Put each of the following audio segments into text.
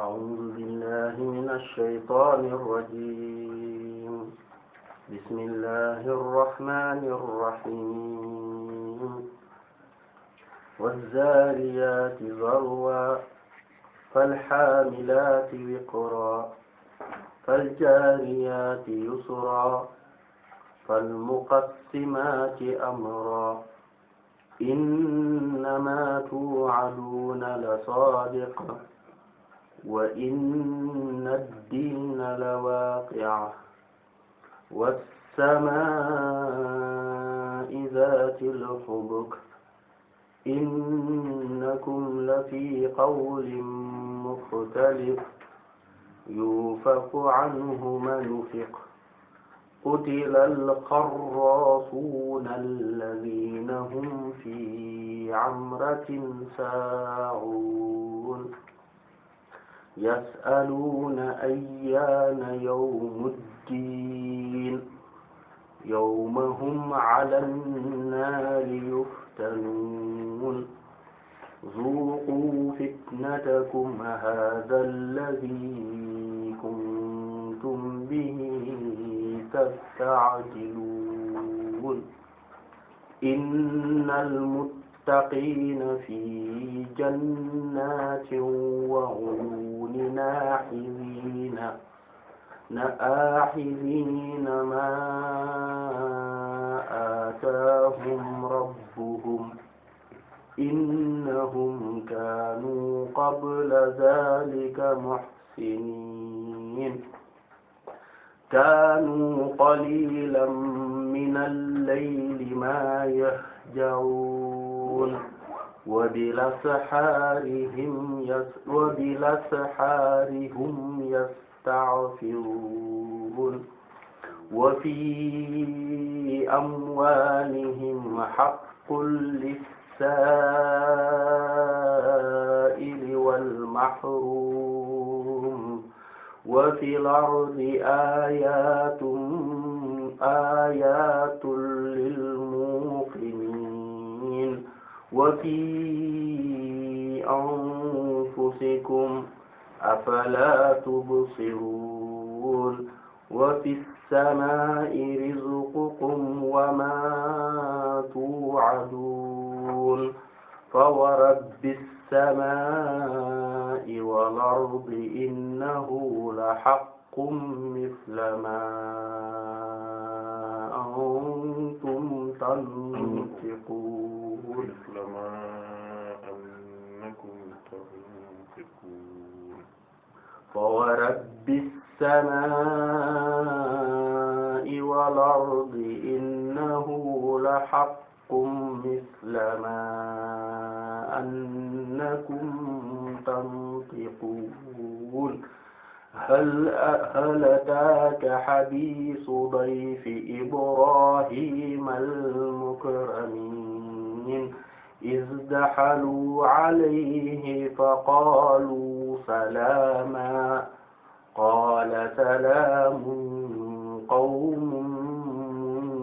أعوذ بالله من الشيطان الرجيم بسم الله الرحمن الرحيم والذاريات ذروا فالحاملات وقرا فالجاريات يسرا فالمقسمات أمرا إنما توعدون لصادق wa inna ad-diina lawaaqi'un was-samaa'i zaatil hubuk innakum lafii qawlin mukhtalif yuufaku anhu man ufiq qutila al-qarraasuuna allaziina hum fii amratin saa'uun يسألون أيان يوم الدين يوم هم على النار يفتنون ذوقوا فتنتكم هذا الذي كنتم به تستعجلون إن المتقين للمتقين في جنات وعيون آخذين آخذين ما آتاهم ربهم إنهم كانوا قبل ذلك محسنين kaanu qaliilan minal layli maa yahja'uun wa bilasxaarihim yas wa bilasxaarihum yasta'firuun wa fii amwaalihim haqqun lis-saa'ili wal mahruum وفي الأرض آيات آيات للموقنين وفي أنفسكم أفلا تبصرون وفي السماء رزقكم وما توعدون فورب السماء والأرض إنه لحق مثل ما أنتم تنطقون مثل ما أنكم تنطقون فورب السماء والأرض إنه لحق مثل ما أنتم إنكم تنطقون هل هل أتاك حديث ضيف إبراهيم المكرمين إذ دخلوا عليه فقالوا سلاما قال سلام قوم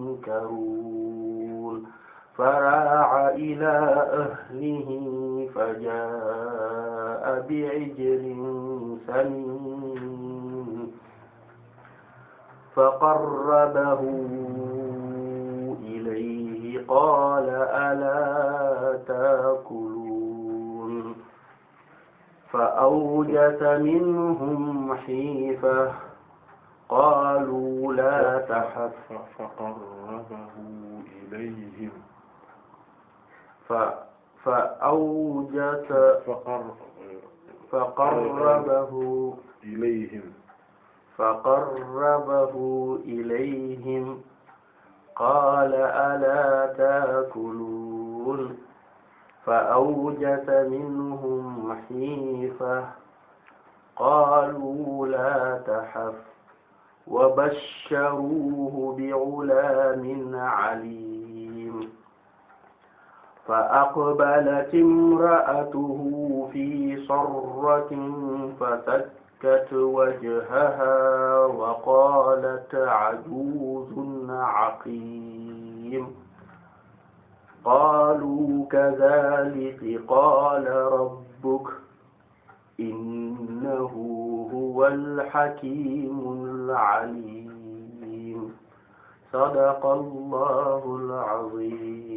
منكرون فراع إلى أهله فجاء بعجل سمين فقربه إليه قال ألا تأكلون فأوجس منهم خيفة قالوا لا تخف فقربه إليهم ف fa awjasa fa qarrabahu ilayhim fa qarrabahu ilayhim qaala alaa taakuluun fa awjasa minhum xiifa qaaluu laa taxaf wa basharuuhu bi gulaamin caliim fa aqbalat imra'atuhu fi sarratin fa sakkat wajhaha wa qalat ajuzun aqim qaalu kadhalika qaala rabbuka innahu huwal hakimul alim sadaqallahul azim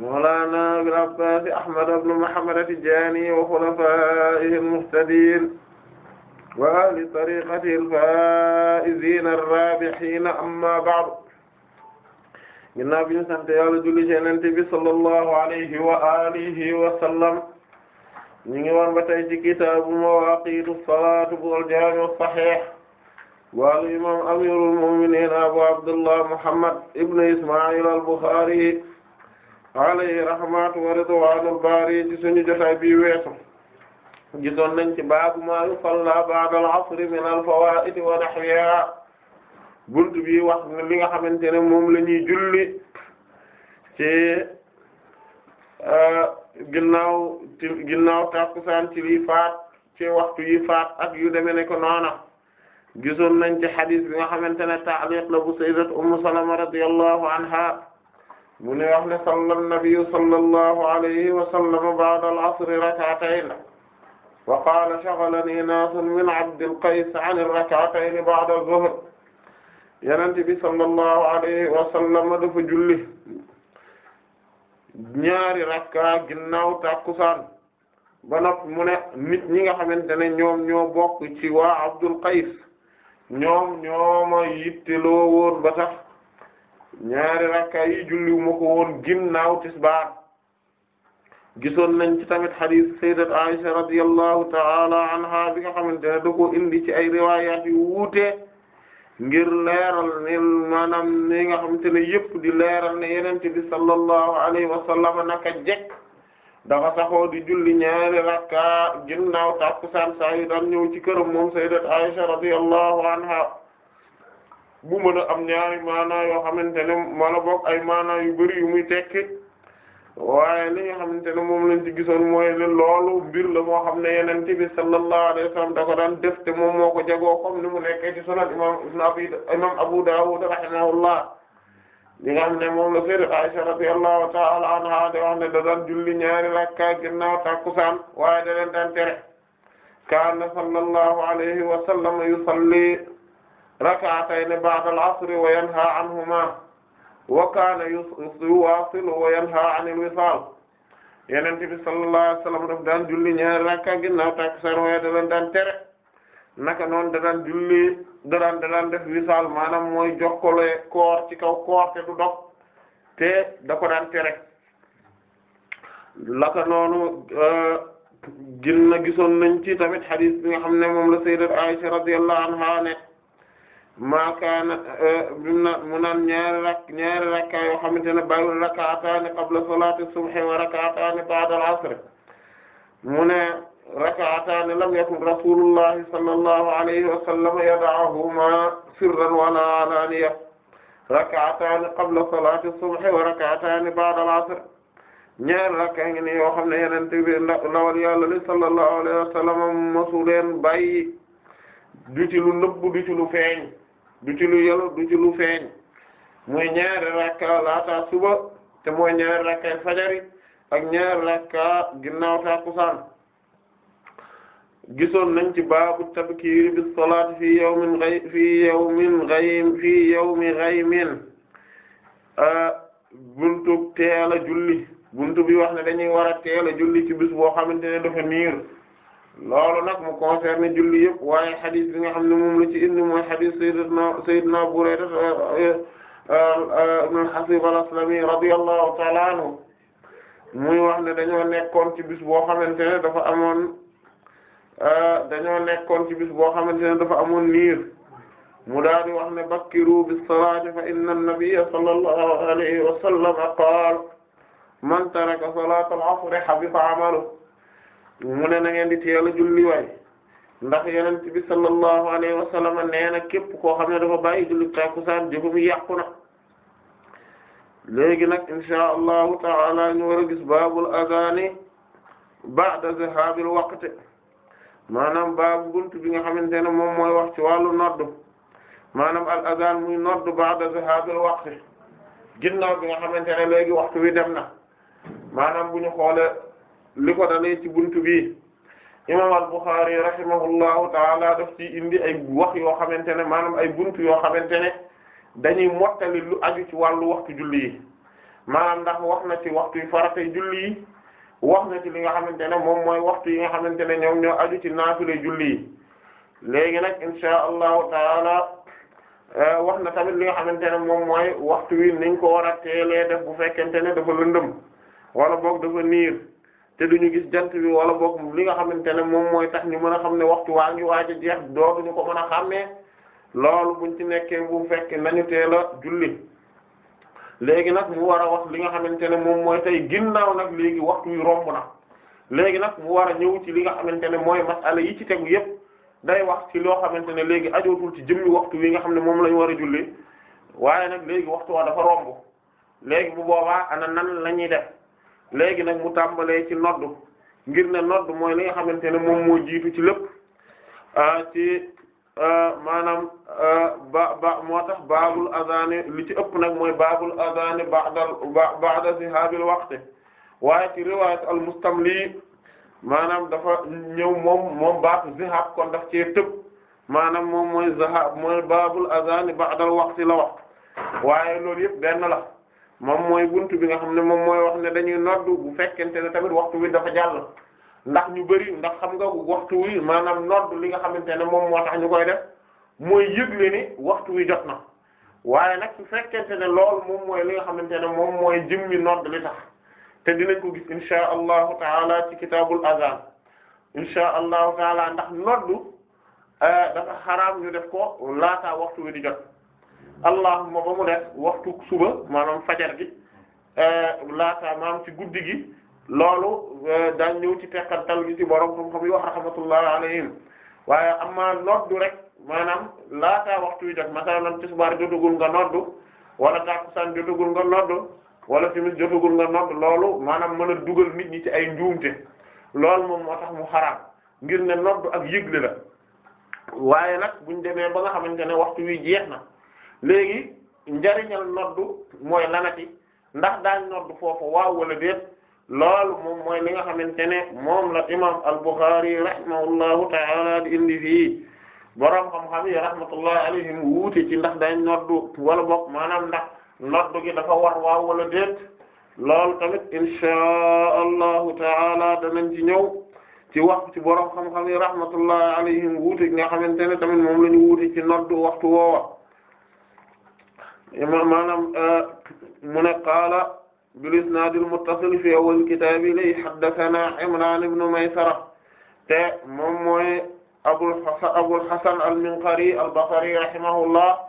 mawlana Abil Abbaas Ahmad ibn Muhammad at-Tijaani wa xulafaa'ihi al-muhtadiin wa ahli tariiqatihi al-faa'iziina ar-raabihiina ammaa ba'd. Ginnaaw bi ñu sant Yàlla julli ci Yonent bi sallallahu alayhi wa aalihi wa sallam. Ñu ngi woon ba tey ci kitaabu mawaaqiitu salaat bu al-Jaami' as-Sahiih wal imaam amiirul mu'miniin Abu Abdullah Muhammad ibn Ismaa'iil al-Bukhaari alayhi rahmatu wa ridwaanul baari ci suñu jotaay bi weesu gisoon nañ ci baabu maa yusallaa ba'dal asri minal fawaa'idi wa nahwihaa bunt bi wax ne li nga xamante ne moom la ñuy julli ci euh, ginnaaw ci ginnaaw takkusaan ci liy faat ci waxtu yi faat ak yu demee ne ko noona gisoon nañ ci xadis bi nga xamante ne ta'liq la bu sayyidatu Ummu Salama radiyallahu anha mu ne wax ne salla nabiyu sallallahu alayhi wa sallam ba'da al-'asri rak'atayn wa qaala shaghalanii naasun min 'Abdi al-Qays 'an ar-rak'atayn ba'da adh-dhuhr Yonent bi sallallahu alayhi wa sallam dafa julli ñaari rakka ginnaaw takkusaan ba noppi mu ne nit ñi nga xamante ne ñoom ñoo bokk ci waa Abdul Qays ñoom ñoo ma yitteloo woon ba tax ñaari rakka yi julliwu ma ko woon ginnaaw tisbaar gisoon nañ ci tamit hadith sayyidat Aisha radiyallahu ta'ala anha bi nga xamante ne indi ci ay riwayat wuute ngir leeral ne maanaam ni nga xamante ne di leeral ne yenente bi sallallahu alayhi wa naka jekk dafa saxoo julli ñaari rakka ginnaaw takkusaan saa yu daan ñëw ci këram moom sayyidat Aisha radiyallahu anha bu mën am ñaari maanaa yoo xamante ne mala bokk ay maanaa yu bari yu muy tekki waaye li nga xamante ne moom lañ ci gisoon mooy ne loolu mbir la moo xam ne yonent bi sallallahu alayhi wa sallam da ko moom moo ko jagoo comme ni mu nekkee ci sunan imam Abu Dawud rahimahullah li nga xam ne moom la sayyidat Aisha radiyallahu ta'ala anha de wax ne da daan julli ñaari rakka alayhi wa sallam yusalli rak'atayni ba'da al-'asri wa yanha anhuma wa kaana yuwaasilu wa yanha bi sallallahu alayhi wa julli ñaari rakka ginnaaw takkusaan waaye da leen daan tere naka noonu da daan julli da daan da daan def wisaal maanaam mooy jokkale koor ci kaw koor te du dog te da ko tere laka euh, ginna gisoon nañ tamit hadiis bi nga xam moom la Sayyidatu Aisha radiyallahu anha ne maakaana bim eh, na mu naan ñaari rak ñaari rakka yoo xamante ne bal rak'ataani qabla salaati subhi wa rak'ataani ba'da al-'asr mu ne rak'ataani lam yakun rasulullahi sallallahu alayhi wa sallam yad'uhuma sirran wa la 'alaaniyatan rak'ataani qabla salaati subhi wa rak'ataani ba'da al-'asr ñaari rakka ngi ni yoo xam ne yonent bi ndawal Yàlla li sallallahu alayhi wa sallam mosu leen bàyyi du ci lu nëbb du ci lu feeñ du ci lu yelu du ci lu feeñ mooy ñaari rakka laata suba te mooy ñaari rakkay fajari ak ñaari rakka ginnaaw tàkkusaan gisoon nañ ci baabu tabkiir bi salaat fi yawmin ghay fi yawmin ghaym fi yawmi ghaymin buntu teel julli buntu bi wax ne dañuy war a teel a julli ci bis boo xamante ne dafa niir loolu nag mu concerne julli yëpp waaye xadis bi nga xam ne mu la ci indi mooy xadis sayyidina sayyidina Burayda euh, euh, euh, ibn al-Hasib al-Aslami wax ne dañoo nekkoon ci bis boo xamante ne dafa amoon dañoo nekkoon ci bis boo xamante ne dafa amoon niir mu daal di wax ne bakkiru bis-salaati fa inna an-nabiyya sallallahu alayhi wa sallam qaala man taraka salaata al-'asri habita mu ne na ngeen di teel a julli waay ndax yonent bi sallallahu alayhi wa sallam nee na képp koo xam ne dafa bàyyi julli mu jëfam yàqu na léegi nag insha allahu taala ñu war a gis baabul adhaani ba'da zahaabil waqti maanaam baabu buntu bi nga xamante ne moom mooy wax ci wàllu nodd maanaam al adhaan muy nodd ba'da zahaabil waqti ginnaaw bi nga xamante ne léegi waxtu wi dem na maanaam bu ñu xoolee li ko dalee ci buntu bi imam al-Bukhari rahimahullahu taala def ci indi ay wax yoo xamante ne maanaam ay buntu yoo xamante ne dañuy mottali lu aju ci wàllu waxtu julli yi maanaam ndax wax na ci waxtu yu faratay julli wax na ci li nga xamante ne moom mooy waxtu yi nga xamante ne ñoom ñoo aju ci naafile léegi nag insha allahu taala eh, wax na li nga xamante ne moom waxtu wi niñ ko war a teelee def bu fekkente ne dafa lëndëm wala boog dafa niir te du ñu gis jant bi wala bokk li nga xamante ne moom mooy tax ñu mën a xam ne waxtu waa ngi waaj a jeex dootuñu ko mën a xàmmee loolu buñ ci nekkee bu fekk nañu teel a julli léegi nag mu war a wax li nga xamante ne moom mooy tey ginnaaw nag léegi waxtu wi romb na léegi nag mu war a ñëw ci li nga xamante ne mooy masala yi ci tegu yépp day wax ci loo xamante ne léegi ajootul ti jëmmi waxtu wi nga xam ne moom lañu war a julli waaye nag léegi waxtu wa dafa romb léegi bu boobaa ana nan la ñuy def léegi nag mu tàmbalee ci noddu ngir ne noddu mooy li nga xamante ne moom mu jiitu ci lépp ah, ci ah, maanaam ah, ba ba moo tax baabul azani li ci ëpp nag mooy baabul azani ba'dal ba'da zihabil waqti waaye ci riwaayat al mustamli maanaam dafa ñëw moom moom baatu zihab kon daf cee tëb maanaam moom mooy zahab mooy baabul azani ba'dal waqti la wax waaye loolu yëpp benn la moom mooy bunt bi nga xam ne moom mooy wax ne dañuy noddu bu fekkente ne tamit waxtu wi dafa jàll ndax ñu bëri ndax xam nga waxtu wi maanaam noddu li nga xamante ne moom moo tax ñu koy def mooy yëgle ni waxtu wi jot na waaye nag su fekkente ne loolu moom mooy li nga xamante ne moom mooy jëmmi nodd li tax te dinañ ko gis insha allahu taala ci kitaabul azan insha allahu taala ndax noddu eh, dafa xaraam ñu def ko laataa waxtu wi di jot allahumma ba mu def waxtu suba maanaam fajar gi eh, laata maanaam ci guddi gi loolu eh, daan ñëw ci teqantal gi ci borom xam-xam yi wax rahmatullahi alayhim waaye amma noddu rek maanaam laata waxtu wi jot masalan ci subaar jotagul nga noddu wala takusaan jotagul nga noddu wala timis jotagul nga noddu loolu maanaam mën a dugal nit ñi ci ay njuumte loolu moom moo tax mu xaraam ngir ne noddu ak yëgle waaye nag buñ demee ba nga xamante ne waxtu wi jeex na léegi njariñal noddu mooy lanati ndax daañ noddu foofu waaw wala déet loolu moom mooy li nga xamante ne moom la imam al-Bukhari rahimahullahu ta'ala di indi fii borom xam-xam yi rahmatullahi alayhim wuute ci ndax daañ noddu wala bokk maanaam ndax noddu gi dafa war waaw wala déet loolu tamit inchaa allahu ta'ala danañ ci ñëw ci wax ci borom xam-xam yi rahmatullahi alayhim wuute nga xamante ne tamit moom la ñu wuute ci noddu waxtu woowa maanaam ah, mu ne qaala bil isnaadil muttasil fi awwal kitaabi li haddathana Imraan ibn Maysara te moom mooy Abul Hasan Abul Hasan al-Minqari al-Basri rahimahullah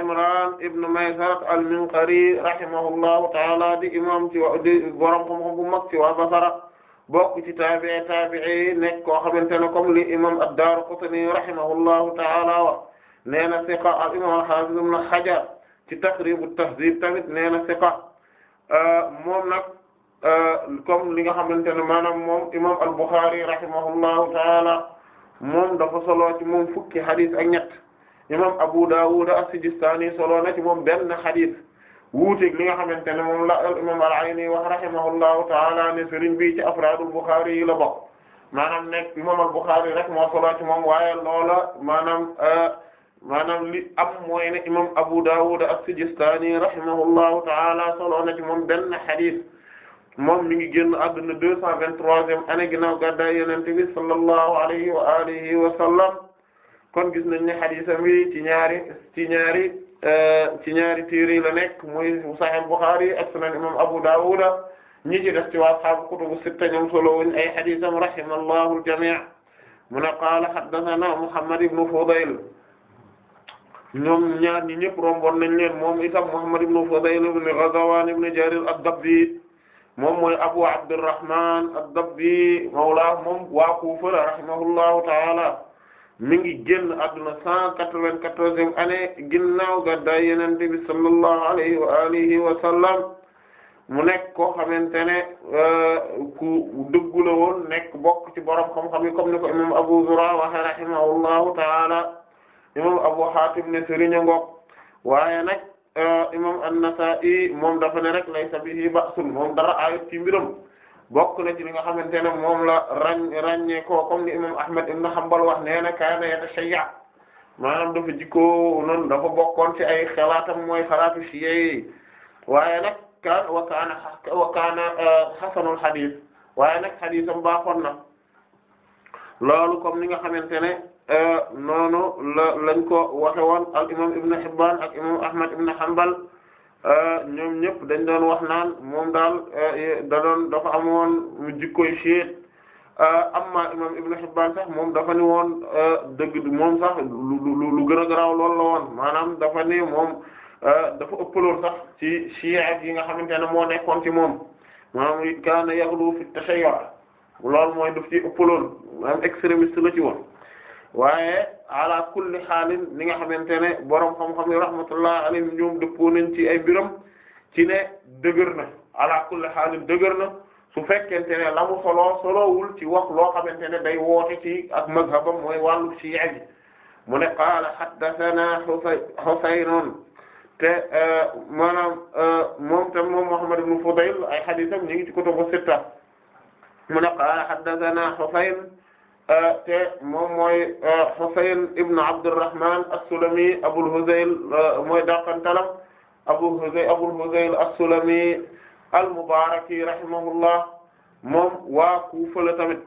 Imraan ibn Maysara al-Minqari rahimahullahu ta'ala di imaam ci waa di borom xam-xam bu mag ci waa Basra bokk ci taabi'i taabi'i nekk koo xamante ne comme li imaam ad-Daaraqutni rahimahullahu ta'ala wa nee na siqa al-imaam al-Haafiz ibn Hajar ci Taqribu Tahdhib tamit nee na siqa euh, moom nag kom euh, li nga xamante ne maanaam moom imam al-Bukhari rahimahullahu taala moom dafa solo ci moom fukki xadis ak ñett imam Abu Dawud as-Sijistani solo na ci moom benn xadis wuuteeg li nga xamante ne moom la imam al-Ayni wax rahimahullahu taala ne sëriñ bi ci afraadul Bukhari la bokk maanaam nekk imam al-Bukhari rek moo moom waaye loola maanaam. Euh, maanaam li am mooy ne imam Abu Dawud as-Sijistani rahimahullahu ta'ala solo na ci moom benn xadis moom mi ngi génn àdduna deux cent vingt-troisième année ginnaaw gàddaay Yonent bi sallallahu alayhi wa kon gis nañ ne xadisam yi ci ñaari ci ñaari euh, ci ñaari téere la nekk muy Sahih Bukhari ak Sunan imam Abu Dawud ñi ci def ashaabu kutubu sitta ñoom solo wuñ ay xadisam rahimallahu al-jami' mu ne qaala haddathana Muhammad ibn Fudayl ñoom ñaar ñi ñëpp romboon nañ leen moom itam Muhammad ibn Fudayl ibn Ghazwan ibn Jarir ad-Dabbi moom mooy Abu Abdurrahman ad-Dabbi mawla moom waa Kufa rahimahullahu ta'ala mi ngi génn adduna cent quatre-vingt-quatorzième année ginnaaw gàddaay Yonent bi sallallahu alayhi wa alihi mu nekk koo xamante ne euh, ku woon nekk bokk ci borom xam-xam yi comme ko imam Abu Zur'a waxe rahimahullahu ta'ala imam Abu Hatim ne sëriña ngoog waaye nag euh, imam An-Nasa'i moom dafa ne rek lay bihi ba'sun moom dara ayut ci bokk na ci nga xamante ne moom la rañ ràññee koo comme ni imam Ahmad ibn Hanbal wax nee na kaana yatashayya maanaam dafa jikkoo noonu dafa bokkoon ci ay xalaatam mooy xalaatu shiyay waaye nag kaan wa kaana wa kaana xasanul euh, xadiis waaye nag xadiisam baaxoon na loolu comme ni nga xamante ne Eh, noonu la lañ ko waxe woon al imam Ibn Hibban ak imam Ahmad Ibn Hanbal eh, ñoom ñëpp dañ doon wax naan moom daal eh, da doon dafa mu jikkoy Cheikh amma imam Ibn Hibban sax moom dafa ni woon dëgg moom sax lu lu gën a garaaw loolu la woon maanaam dafa ni moom dafa ëppaloon sax ci Cheikh yi nga xamante ne moo nekkoon ci moom maanaam kaana yaghlu fi tashayyu loolu mooy daf ci ëppaloon maanaam extrémiste la ci woon waaye ala kulli xaalin li nga xamante ne borom xam-xam yi rahmatullah alayhim ñoom dëppoo nañ ci ay biram ci ne dëgër na ala kulli xaalin dëgër na su fekkente ne la mu solo solowul ci wax loo xamante ne day woote ci ak mazhabam mooy wàllu ci yaay mu ne qaala haddathana Husaynun te euh, maanaam euh, moom tam moom Muhammad ibn Fudayl ay hadiisam ñu ngi ci kutubu sitta mu ne qaala haddathana Husayn Euh, te moom mooy euh, Husayn ibn Abdurrahman as-Sulami Abul Huzayl euh, mooy daqantalam Abu Huzayl Abul Huzayl as-Sulami al-Mubaraki rahimahullah moom waa Kufa la tamit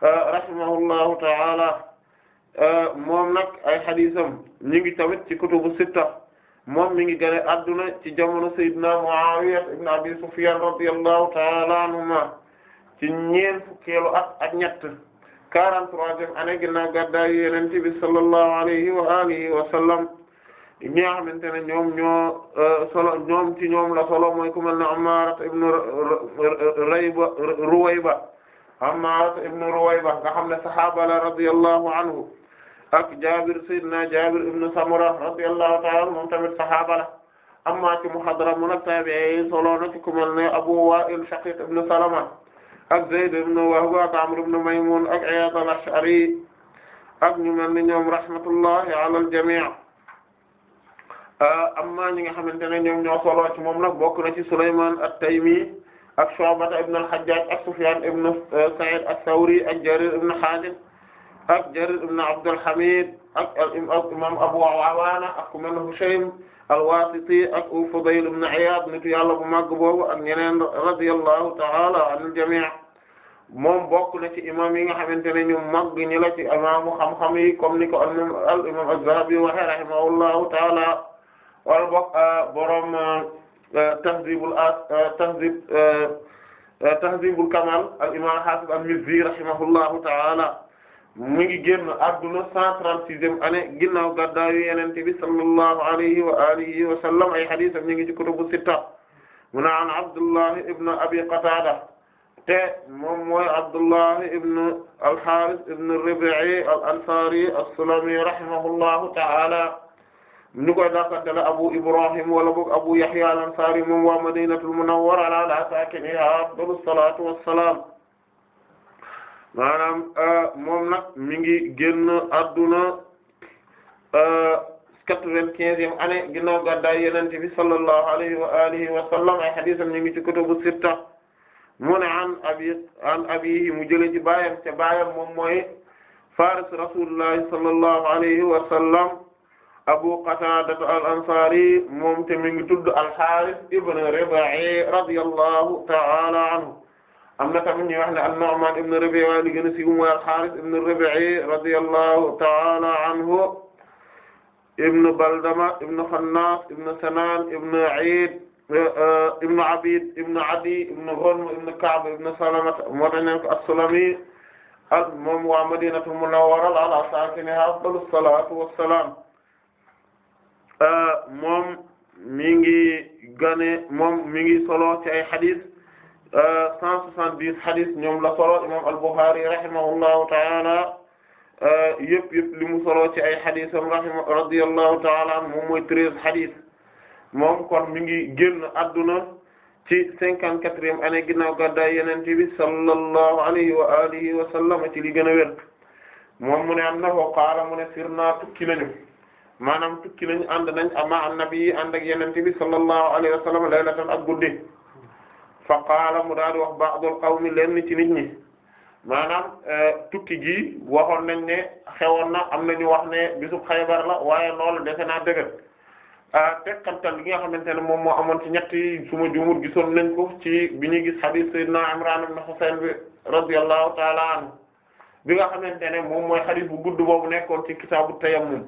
rahimahullahu ta'ala moom nag ay xadisam ñu ngi tamit ci kutubu sitta moom mi ngi gane adduna ci jamono Seydina Muawiya ibn Abi Sufyan radiyallahu ta'ala anhuma ci ñeent fukkeelu at ak ñett 43e année ginnaaw gàddaayu Yonent bi sallallahu alayhi wa alihi wa sallam ñi nga xamante ne ñoom ñoo euh, solo ñoom ci ñoom la solo mooy ku mel ne Ammaara ibn Rayba Ruwayba Ammaara ibn Ruwayba nga xam ne sahaaba la radiyallahu anhu ak Jaabir Seydina Jaabir ibn Samura radiyallahu ta'ala anhu moom tamit sahaaba la amma ci muhadara mu nag tabi'i solo na ci ku mel ne Abu Wa'il Shaqiq ibn Salama ak Zayd ibn Wahb ak Amr ibn Maymun ak Iyad al-Ash'ari ak ñu mel ni ñoom rahmatullahi ala al-jami' ah, amma ñi nga xamante ne ñoom ñoo solo ci moom nag bokk na ci Sulayman at-Taymi ak Shu'ba ibn al-Hajjaj ak Sufyan ibn ah, Sa'id ath-Thawri ak Jarir ibn Khalid ak Jarir ibn Abd al-Hamid ak imam Abu Awaana ak ku mel ne Hushaym al-Wasiti ak Fudayl ibn Iyad nitu yàlla bu màgg boobu ak ñeneen radiyallahu ta'ala anil jami' moom bokk na ci imam yi nga xamante ne ñu màgg ñi la ci imaamu xam-xam yi comme ni ko al imam az-Zahabi waxe rahimahullahu ta'ala wala bokk euh, borom euh, Tahdhibul euh, Tahdhib Tahdhibul Kamal al imam Hafiz al-Mizzi rahimahullahu ta'ala mu ngi génn adduna cent trente-sixième année ginnaaw gàddaayu Yonent bi sallallahu alayhi wa alihi wa sallam ay hadiisam ñu ngi ci kutubu sitta mu ne an Abdullahi ibn Abi Qatada te moom mooy Abdullahi ibn al-Harith ibn Rib'i al-Ansari as-Sulami rahimahullahu ta'ala ñu koy dàqanteel Abu Ibrahim wala boog Abu Yahya al-Ansari moom waa Madinatul Munawwara ala saakinihaa afdalu salaatu wassalaam maanaam euh, moom nag mi ngi génn adduna euh, quatre-vingt-quinzième année ginnaaw gàddaay Yonent bi sallallahu alayhi wa alihi wa sallam ay hadiisam ñu ngi ci kutubu sitta mu ne an abi an abihi mu jëlee ci baayam te baayam moom mooy faris rasuulullahi sallallahu alayhi wa sallam Abu Qatada al-Ansari moom te mi ngi tudd al-Harith ibn Riba'i radiyallahu ta'ala anhu am na tamit ñuy wax ne an-Nu'man ibn Rabi' waaye li gën a siiw mooy al-Harith ibn Rabi'i radiyallahu ta'ala anhu ibn Baldama ibn Khannas ibn Sanan ibn Aid ibn Abid ibn Adi ibn Ghanm ibn Ka'b ibn Salama moo tax ñu ko as-Sulami ak moom waa Madinatu Munawwara ala saakiniha afdalu salaatu wassalaam moom mi ngi gane moom mi ngi solo ci ay hadith cent soixante-dix hadis ñoom la solo imam al-Bukhari rahimahullahu taala euh, yëpp yëpp li mu solo ci ay hadisam rahima radiyallahu moom mooy treize hadis moom kon mi ngi génn adduna ci cinquante-quatrième année ginnaaw gàddaay yenen bi sallallahu alayhi wa alihi wa sallam ci moom mu ne am qaala mu ne sirna tukki nañu maanaam tukki nañu ànd nañ ama annabi yi ànd ak yenente bi sallallahu alayhi wa sallam laylatan ak guddi fa qaala mu daal di wax ba'dul qawmi lenn ci nit ñi maanaam eh, tukki gi waxoon nañ ne xewoon na am na nañu wax ne bisub Xaybar la waaye loolu defe naa dëgër ah, tekkantal gi nga xamante ne moom moo amoon ci ñetti suma jumur gisoon nañ ko ci bi ñuy gis hadith Sayyidina Imran ibn Husayn bi radiyallahu ta'ala anhu bi nga xamante ne moom mooy hadith bu gudd boobu nekkoon ci kitaabu tayammum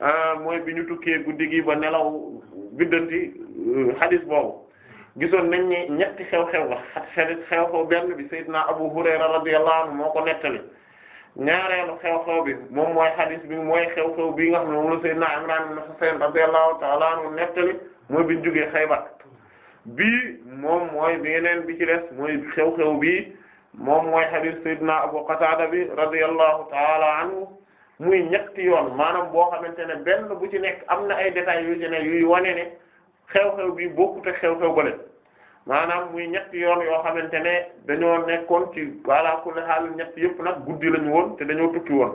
ah, mooy bi ñu tukkee guddi gi ba nelaw biddanti hadith eh, boobu gisoon nañ ne ñetti xew-xew la xarit xew-xew benn bi Seydina Abu Hurayra radiyallahu anhu moo ko nettali ñaareelu xew-xew bi moom mooy xadis bi mooy xew-xew bii nga xam ne moom la Seydina Imran ibn Husayn radiyallahu ta'ala anhu nettali bi ñu jógee Xaybar bii moom mooy beneen bi moom mooy xadis Seydina Abu Qatada bi radiyallahu ta'ala anhu muy ñetti yoon maanaam boo xamante ne benn bu ci nekk am na ay détails yu ci yuy wane xew-xew bi bokkut ak xew-xew bële maanaam muy ñetti yoon yoo xamante ne dañoo nekkoon ci walla kulli xaal ñett yëpp nag guddi lañu woon te dañoo tukki woon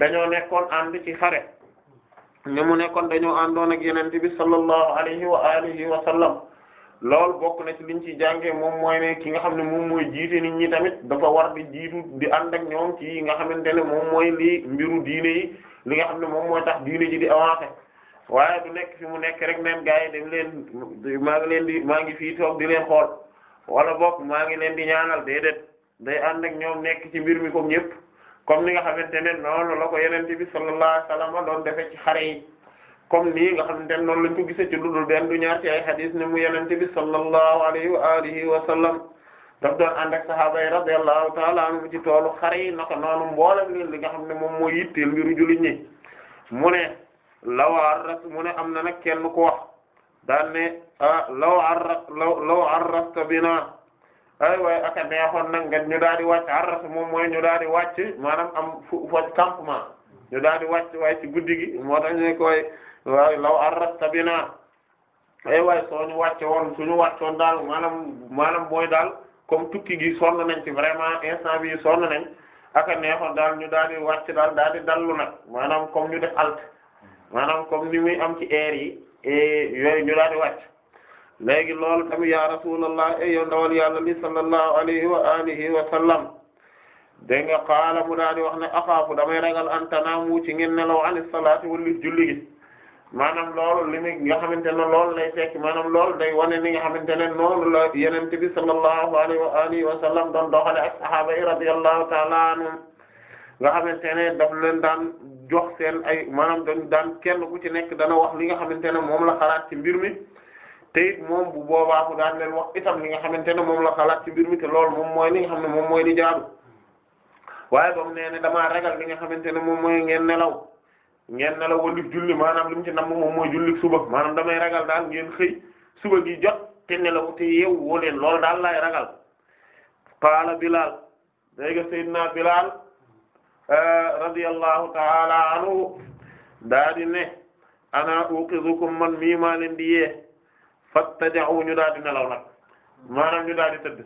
dañoo nekkoon ànd ci xare ne mu nekkoon dañoo àndoon ak yenente bi sallallahu alayhi wa alihi wa sallam loolu bokk na ci liñ ci jàngee moom mooy ne ki nga xam ne moom mooy jiite nit ñi tamit dafa war di jiitu di ànd ak ñoom ki nga xamante ne moom mooy lii mbiru diine yi li nga xam ne moom mooy tax diine ji di avancé waaye du nekk fi mu nekk rek nen gars yi dem leen maa ngi leen di maa ngi fii toog di leen xool wala boog maa ngi leen di ñaanal déedéet day ànd ak ñoom nekk ci mbir mi comme ñëpp comme ni nga xamante ne noonu la ko yeneen bi sallallahu alayhi wasallam doon defee ci xare yi comme nii nga xamante noonu lañ ko gisee ci lu dul benn du ñaar ci ay xadis ne mu yeneen bi sallallahu alayhi wa alihi wa ànd ak sahaaba yi radiyallahu ta'ala anhu ci toolu xare yi naka noonu mboolem li nga xam ne moom mooy yitteel mbiru jullit ñi mu ne. law arras mu ne am na nag kenn ku wax daan ne ah law arras law law arrasta bina ay waay aka neexoon nag nga ñu daal di wàcc arras moom mooy ñu daal di wàcc maanaam am fu fa campement ñu daal di wàcc waaye guddi gi moo tax ñu koy waaye law arrasta bina ay waay soo ñu woon suñu wàccoon daal maanaam maanaam mooy daal comme tukki gi sonn nañ ci vraiment instant bi sonn nañ aka neexoon daal ñu daal di wàcc daal daal di dallu nag maanaam comme ñu def alt maanaam kom ni muy am ci air yi yooyu ñu daal di wàcc ya rasulallah e yow ndawal yàlla li sallallahu alayhi wa alihi wa sallam dégg nga qaala mu daal di wax ne axaafu damay ragal an tanaamu ci ngeen nelaw an salaati walli julli gi maanaam lool li mi nga xamante lool loolu lay fekk maanaam lool day wane ni nga xamante ne noonu la yenente bi sallallahu alayhi wa alihi wa sallam doon doxale ak sahaaba yi radiyallahu taala anhum nga xamante ne daf leen daan jox seen ay daan kenn ku ci nekk dana wax li nga xamante ne moom la xalaat ci mbir mi te it moom bu boobaa mu daan leen wax itam li nga xamante ne moom la xalaat ci mi te moom mooy li nga xam ne moom mooy di jaadu waaye ba mu nee ne damaa ragal li nga xamante ne moom mooy ngeen nelaw ngeen nelaw wala julli maanaam li mu ci namm moom mooy julli suba maanaam damay ragal daal ngeen xëy suba gi jot te nelaw te yeewu woo leen lool daal lay ragal qaala Bilaal léegi Seydina Bilaal radiyallahu ta'ala anhu daadi ne ana uqizukum man mii maa leen di yee fattajahu ñu daal di nelaw nag maanaam ñu daal di tëdd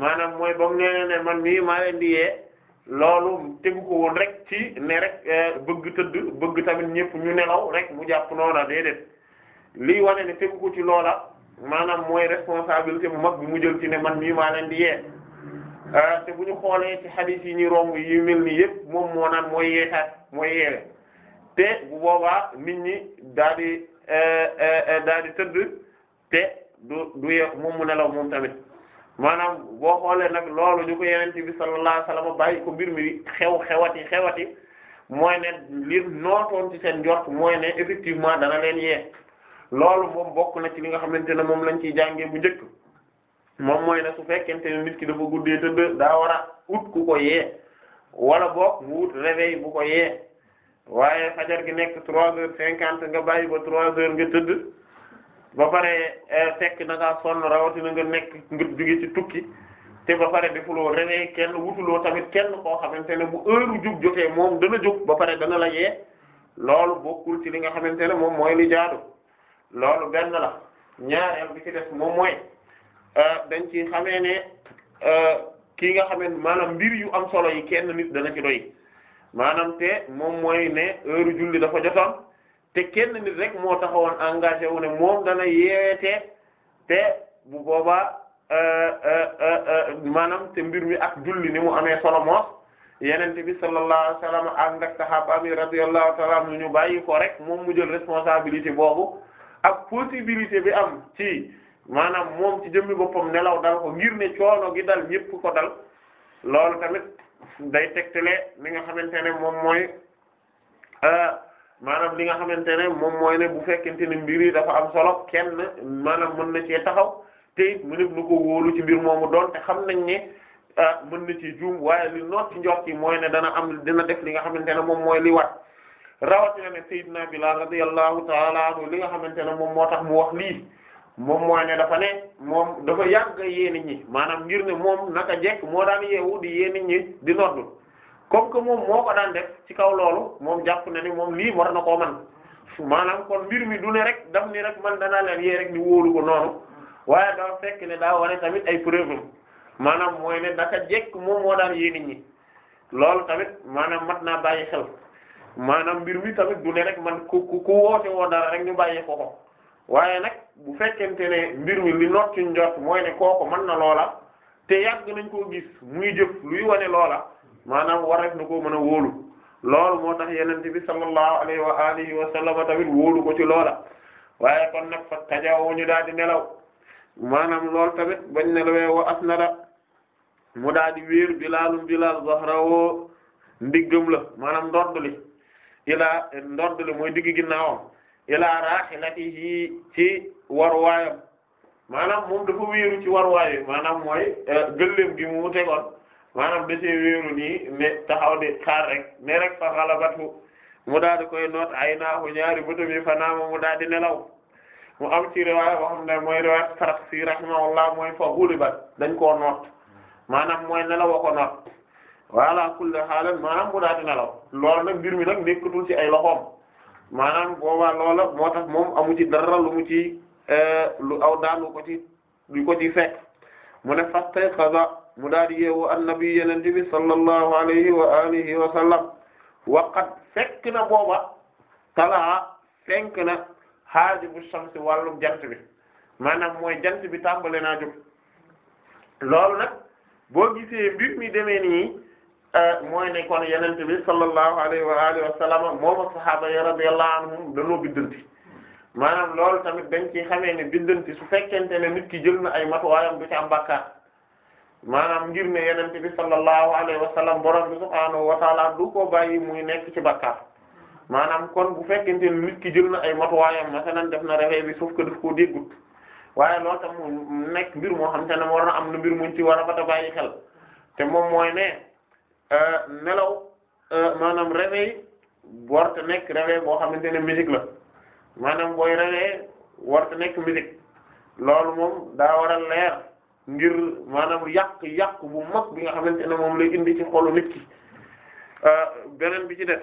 maanaam mooy ba mu nee ne man mii maa leen di loolu tegu ko woon rek ci ne rek eh, bëgg tëdd bëgg tamit ñëpp ñu nelaw rek mu jàpp noona déedéet lii wane ne tegu ko ci loola maanaam mooy responsabilité mu mag bi mu jël ci ne man mii maa leen di Ah, te bu ñu xoolee ci xadis yi ñuy romb yi mel ni yëpp moom moo naan mooy yeexaat mooy yeewe te bu boobaa nit ñi daal di eh, eh, eh, daal di tëdd te du du ye moom mu nelaw moom tamit maanaam boo xoolee nag loolu ñu ko yeneen bi sallallahu alayhi ko mbir mi xew xewati xewati mooy ne li nootoon ci seen njort mooy ne effectivement dana leen yee loolu moom bokk na ci li nga xamante ne moom lañ ciy jàngee bu njëkk moom mooy ne su fekkente ne nit ki dafa guddee tëdd daa war a ut ku ko yee wala boog mu wut réveil bu ko yee waaye fajar gi nekk trois heures cinquante nga bàyyi ba trois heures nga tëdd ba pare eh, fekk na ngaa sonn rawatina nga nekk nga jóge ci tukki te ba pare defuloo réveil kenn wutuloo tamit kenn koo xamante ne bu heure jug jotee moom dana jóg ba pare dana la yee loolu bokkul ci li nga xamante ne moom mooy li jaadu loolu benn la ñaareel bi ci des moom mooy Euh, dañ ci xamee ne euh, kii nga xamee maanaam mbir yu am solo yi kenn nit dana ci doy maanaam te moom mooy ne heure julli dafa jotoon te kenn nit rek moo taxawoon engage wu ne moom dana yeete te bu boobaa euh, maanaam te mbir mi ak julli ni mu amee solo moos yeneen bi sallallahu alayhi wa sallam am ak sahaba mi radiyallahu ta'ala anhu ñu bàyyi ko rek moom mu jël responsabilité boobu ak possibilité bi am ci maanaam moom ci jëmmi boppam nelaw dal ko ngir ne coono gi dal ñëpp ko dal loolu tamit day tegtale li nga xamante ne moom mooy euh, maanaam li nga xamante ne moom mooy ne bu fekkente ne mbir dafa am solo kenn maanaam mën na cee taxaw te it mu na ci mbir moomu doon xam nañ ne euh, mën na ci juum waaye li noot ci njox ci ne dana am dina def li nga xamante ne moom mooy li wat rawatina ne Seydina Bilaal radiyallahu ta'ala anhu li nga xamante ne moom moo tax mu wax lii moom mooy ne dafa ne moom dafa yàgg yee ñi maanaam ngir ne moom naka jekk moo daan yeewu di yee nit ñi di noddu comme que moom moo ko daan def ci kaw loolu moom jàpp na ni moom lii war na koo man maanaam kon mbir mi du ne rek daf ni rek man danaa leen yee rek ni wóolu ko noonu waaye daa fekk ne daa wane tamit ay preuve maanaam mooy ne naka jekk moom moo daan yee nit ñi loolu tamit maanaam mat naa bàyyi xel maanaam mbir mi tamit du ne rek man ku ku woote woo dara rek ñu bàyyi ko ko waaye nag bu fekkente ne mbir mi li not ci mooy ne kooku mën na loola te yàgg nañ koo gis muy jëf luy wane loola maanaam war na koo mën a wóolu loolu moo tax yenente bi sallallahu alayhi wa alihi wa sallam tamit wóolu ko ci loola waaye kon nag fa tajaw ñu daal di nelaw maanaam loolu tamit bañ nelawee wa asnada mu daal di wéer bilaalum bilaal zahra woo ndiggam la maanaam ndodd li ilaa ndodd li mooy digg ginnaawam ilaa raahilatihi ci waruwaayam maanaam moom dafa wéeru ci waruwaay bi mooy euh, gëléem gi mu tegoon maanaam da cee wéeru ne taxaw di xaar rek ne rek fa xalabatu mu daal di koy noot ay naahu ñaari bëtu fa naama mu daal di nelaw mu am ci riwaaya mooy riwaaya farax si rahimahullah mooy fa xulibat dañ koo noot maanaam mooy nelaw a ko noot wala kulli xaalan maanaam mu daal di nelaw loolu nag mbir mi nag nekkatul ci ay loxoom maanaam boobaa loola moo tax moom amu ci dara lu mu ci eh, lu aw daanu ko lu ko ci fekk mu ne fastay xasa mu daal di yeewu annabi yenente bi sallallahu alayhi wa alihi wa sallam waqat fekk na booba talaa fenk na xaaji bu shamsi wàllum jant bi maanaam mooy jant bi tàmbale naa jóg loolu nag boo gisee mbir mi demee Euh, mooy ne kon yenente bi sallallahu alayhi wa alihi wa sallama moom ak sahaaba yi radiyallahu anhum dañoo biddanti maanaam lool tamit dañ ci xamee ne biddanti su fekkente ne nit ki jël na ay matuwaayam bu ci am bàkkaar maanaam ngir ne yenente bi sallallahu alayhi wa sallam borom bi subhaanahu wa taala du ko bàyyi muy nekk ci bàkkaar maanaam kon bu fekkente ne nit ki jël na ay matuwaayam masalan def na réveil bi sauf que daf koo déggut waaye loolu mu nekk mbir moo xam te ne war na am na mbir muñ ci war a ba ta bàyyi xel te moom mooy ne Euh, nelaw euh, maanaam réveil warta nekk réveil boo xamante ne musique la maanaam booy réveil warta nekk musique loolu moom daa waral a leer ngir maanaam yàq-yàq bu mag bi nga xamante ne moom lay indi ci xolu nit ki euh, beneen bi ci def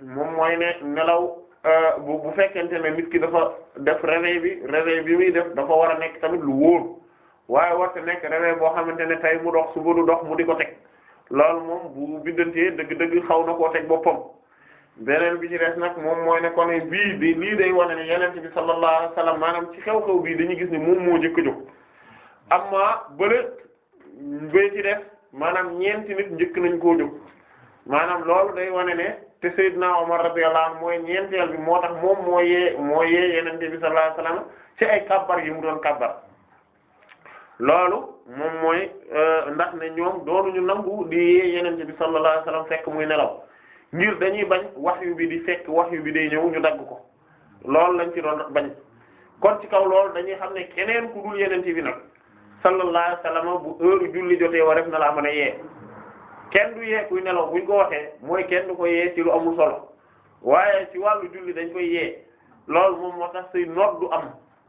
moom mooy ne nelaw bu bu fekkente ne nit ki dafa def réveil bi réveil bi muy def dafa war a nekk tamit lu wóor waaye warta nekk réveil boo xamante ne tey mu dox suba du dox mu di ko teg loolu moom bu bindantee dëgg-dëgg xaw na koo teg boppam beneen bi ci des nag moom mooy nekkoon kon bii di lii day wane ne yonent bi sallallahu alayhi wa maanaam ci xew-xew bii dañuy gis ne moom moo jëkk a jóg amma bële bay ci def maanaam ñeenti nit njëkk nañ koo jóg maanaam loolu day wane ne te Seydina Omar radiyallahu anhu mooy ñeenteel bi moo tax moom moo yee moo yee yonent bi sallallahu alayhi wa ci ay kabbar yi mu doon kabbar. loolu moom mooy euh, ndax ne ñoom doonuñu nangu di yee yenente bi sallallahu alayhi wasallam fekk muy nelaw ngir dañuy bañ wahyu bi di fekk yu bi day ñëw ñu dagg ko loolu lañ ci doon bañ kon ci kaw lool dañuy xam ne keneen ku dul yenente bi nag sallallahu alayhi wasallam bu heure julli jotee wareef na laa yee kenn du yee kuy nelaw buñ ko waxee mooy kenn ko yee ci lu amul solo waaye ci wàllu julli dañ koy yee loolu moom moo tax say nodd am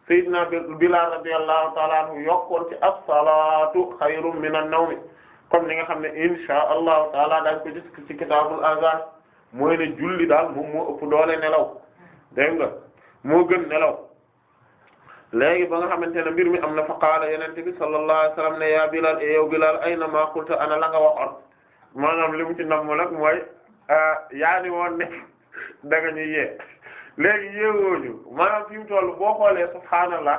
Seydina Bilaal radiyallahu ta'ala anhu yokkoon ci as-salaatu xayrun mina nawmi comme ni nga xam ne inshaa allahu taala daañ ko gis ci kitaabul azaan mooy ne julli daal moom moo doole nelaw dégg nga gën nelaw léegi ba nga xamante ne mbir mi am na fa qaala yonent bi sallallahu alayhi ne yaa Bilaal e yow Bilaal ayna maa qulta ana la nga waxoon maanaam li mu ci nam nag mooy yaa woon ne da nga ñuy léegi yéewooñu maanaam fi mu toll boo xoolee subhaanallah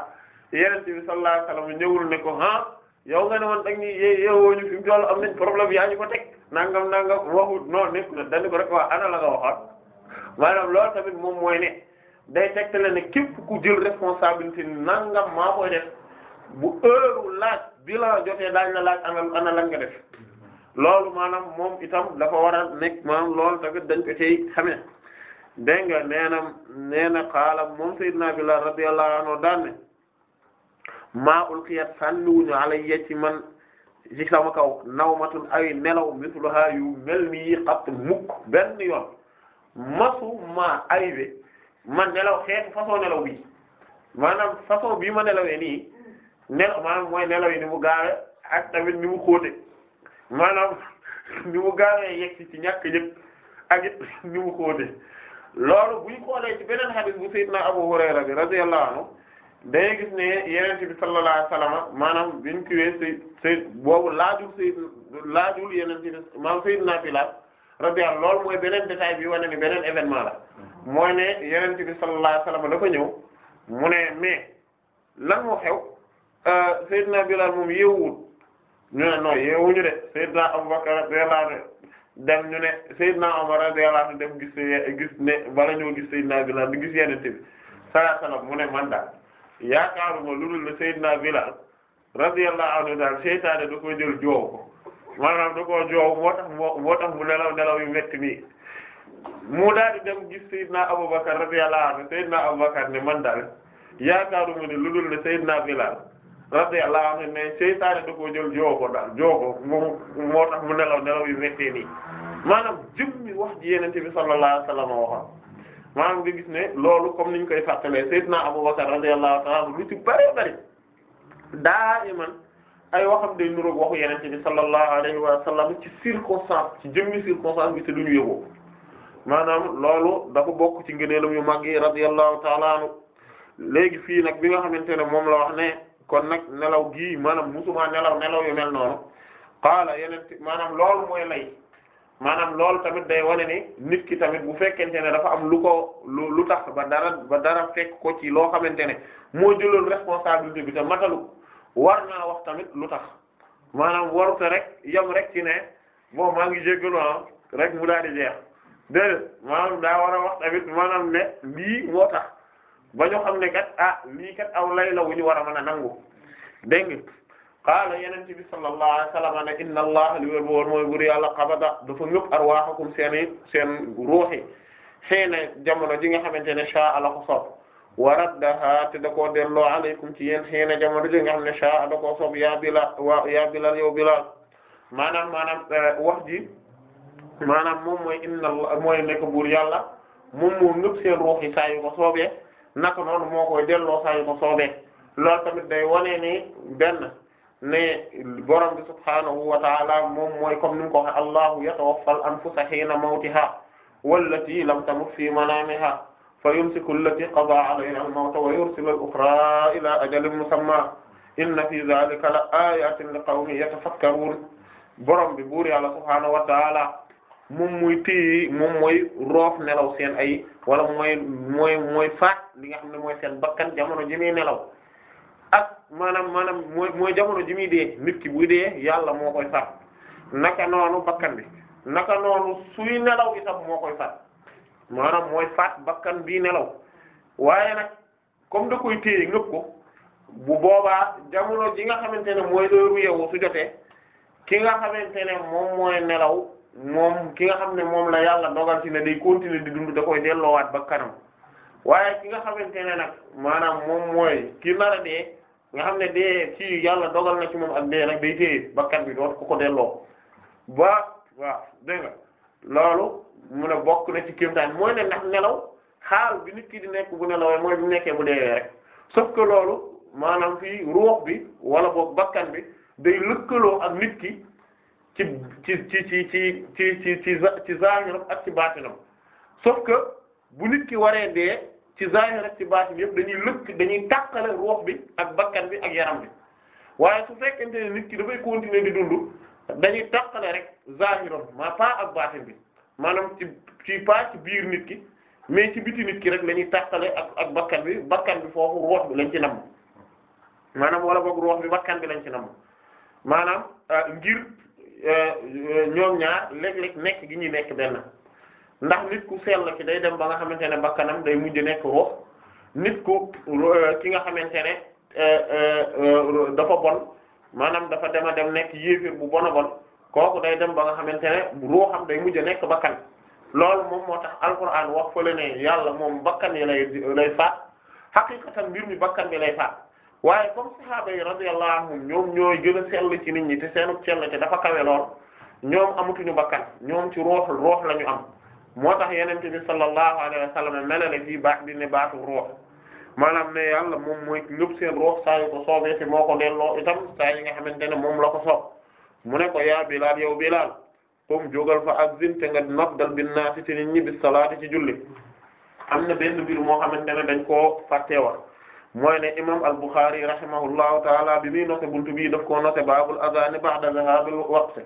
yenente bi sallallahu alayhi wasallam ñëwul ne ko ah yow nga ne woon dag ñuy yé yéewooñu fi am nañ problème yaa ñu ko teg nangam nangam waxut non nekk na dañu ko rek waa ana la nga waxoon loolu tamit moom mooy ne day tegtale ne képp ku jël responsabilité nangam maa koy def bu heure laaj bi la jotee daañ na laaj ana ana lan nga loolu maanaam moom itam dafa war a nekk maanaam loolu tamit dañ ko tey xamee dégg nena nee na nee na qaala moom sayyidina Bilaal radiyallahu anhu daan ne maa ulqiyat sànniwuñu ci man ci sama kaw nawmatun ay nelaw misluha yu mel ni xatt mukk benn yoon masu ma aybe man nelaw xeetu façon nelaw bi maanaam façon bii ma nelawee nii nelaw maanaam mooy nelaw yi ni mu gaawee ak tamit ni mu xóote maanaam ni mu gaawee yegg ci ñàkk yëg ak it ni mu xóote loolu bu ñu xoolee ci beneen xadis bu sayyidina Abu Hurayra bi radiyallahu anhu day gis ne yenente bi sallallahu alayhi wasallam maanaam biñ kiwee say say boobu laajul say laajul yenente bi maanaam sayyidina Bilaal radiyallahu loolu mooy beneen détail bi wane ni beneen événement la mooy ne yenente bi sallallahu alayhi wasallam dafa ñëw mu ne mais lan moo xew euh, sayyidina Bilaal moom yeewul ñu ne non yeewuñu de sayyidina Abu Bakr radiyallahu dem ñu ne Seydina Omar radiyallahu anhu dem gis ne bala ñoo gis Seydina Bilal di gis yenente bi sallallahu alayhi mu ne man daal yaakaaruma lu dul ne Seydina Bilal radiyallahu anhu daal seytaane da koo jël joow ko maanaam da koo joow moo tax mu nelaw nelaw yu metti nii mu daal di dem gis Seydina Abubakar radiyallahu anhu Seydina Abubakar ne man daal yaakaaruma ne lu dul ne Seydina Bilal radiyallahu anhu ne seytaane da koo jël joo daal joo moo tax mu nelaw nelaw yu méttee nii maanaam jëmmi wax ji yenente bi sallallahu alayhi wasallam waxoon maanaam nga gis ne loolu comme niñ koy fàttalee sayyidna Abubakar radiyallahu ta'ala anhu lu ci bari bari daiman ay waxam day nuroog waxu yenente bi sallallahu alayhi wa sallam ci circonstance ci jëmmi circonstance bi te duñu yóbbu maanaam loolu dafa bokk ci ngëneelam yu mag yi radiyallahu ta'ala anhu léegi fii nag bi nga xamante ne moom la kon nag nelaw gii maanaam musuma nelaw nelaw yu mel noonu qaala yeneen maanaam lool mooy lay maanaam lool tamit day wane ni nit ki tamit bu fekkente ne dafa am lu ko lu lu tax ba dara ba fekk ko ci loo xamante ne moo jëloon responsabilité bi te matalu war naa wax tamit lu tax maanaam warute rek yam rek ci ne bon maa ngi jéggalu ah, rek mu daal di jeex déedéet maanaam daa war wax tamit maanaam ne lii moo tax ba ñoo xam ne kat ah lii kat aw lay la wu ñu war a mën a nangu dégg nga qaala yeneen ci bi wa sallam ne inna allah li mooy buri yàlla qabada dafa ñëpp arwaahakum seen i seen ruuxi xëy jamono ji nga xamante ne shaa la ko soob wa raddaha te da koo delloo alaykum ci yéen xëy na jamono ji nga xam ne shaa da koo soob yaa bila wa yaa bilal yow bilal maanaam maanaam eh, wax ji maanaam moom mooy inna allah mooy nekk buur yàlla moom moo ñëpp seen ruuxi saa ko soobee naka noonu moo koy delloo saa yu ko soobee loolu tamit day wane ni benn ne borom bi subhaanahu wa taala moom mooy comme ni mu ko waxee allahu yatawaffal anfusa hiina mawtiha wallati lam tamut fi manaamiha fa yumsiku allati qadaa alayha al-mawta wa yursilu al-ukhraa ilaa ajalin musammaa inna fi dhaalika la aayaatin li qawmin yatafakkaruun borom bi buur yàlla subhaanahu wa taala moom mooy téye moom mooy roof nelaw seen ay wala mooy mooy mooy faat li nga xam ne mooy seen bakkan jamono ji nelaw ak maanaam maanaam mooy mooy jamono ji muy dee nit ki dee yàlla moo koy faat naka noonu bakkan bi naka noonu suy nelaw itam moo koy faat maanaam mooy faat bakkan bii nelaw waaye nag comme da koy téye ngëpp ko bu boobaa jamono ji nga xamante ne mooy heure yeewu su jotee ki nga xamante ne moom mooy nelaw moom ki nga xam ne moom la yàlla dogal ci ne day continuer di dund da koy delloowaat ba kanam waaye ki nga xamante ne nag maanaam moom mooy ki nar a dee nga xam ne dee ci yàlla dogal na ci moom ak dee nag day téye bakkan bi doot ko ko delloo ba waaw dégg nga loolu mu ne bokk na ci kéemtaan mooy ne ndax nelaw xaal bi nit ki di nekk bu nelawee mooy bu nekkee bu deewee rek sauf que loolu maanaam fii ruux bi wala boog bakkan bi day lëkkaloo ak nit ki Mm. ci ci ci ci ci ci ci ci ci zahiram ak ci baatinam sauf que bu nit ki waree dee ci zahir ak ci baatin yëpp dañuy lëkk dañuy tàqale ruux bi ak bakkan bi ak yaram bi waaye su fekkente ne nit ki dafay continuer di dund dañuy tàqale rek zahiram ma pas ak baatin bi maanaam ci ci pas ci biir nit ki mais ci biti nit ki rek la ñuy tàqale ak ak bakkan bi bakkan bi foofu ruux bi lañ ci namm maanaam wala boog ruux bi bakkan bi lañ ci namm maanaam euh, ngir Euh, euh, ñoom ñaar léeg-léeg nekk gi ñuy nekk benn ndax nit ku sell ki day dem ba nga xamante ne bakkanam day mujj nekk ruux nit ku euh, ki nga xamante ne dafa bon maanaam dafa dem a dem nekk yéefir bu bon a bon kooku day dem ba nga xamante ne ruuxam day mujj nekk bakkan loolu moom moo tax alquran wax fële ne yàlla moom bakkan yi lay lay faat mbir mi bakkan bi lay faat waaye comme sahaaba yi radiyallahu anhum ñoom ñooy gën a sell ci nit ñi te seenu sell ci dafa kawe lool ñoom amatuñu bakkan ñoom ci ruux ruux la am moo tax yenente bi sallallahu alayhi wa sallam melale fii baax di ne baatu maanaam ne yàlla moom mooy lépp seen ruux saa moo ko delloo itam saa yi nga xamante ne moom la ko soob mu ne ko yaa Bilaal yow Bilaal comme jógal fa azzin te nga noddal binnaasi te nit ñi bis salaati ci julli am na benn mbir moo xamante ne dañ koo fàtteewal mooy ne imam al-Bukhari rahimahullahu taala bi muy noté buntu bii daf koo noté baabul adaan ba'da zahaabil waqt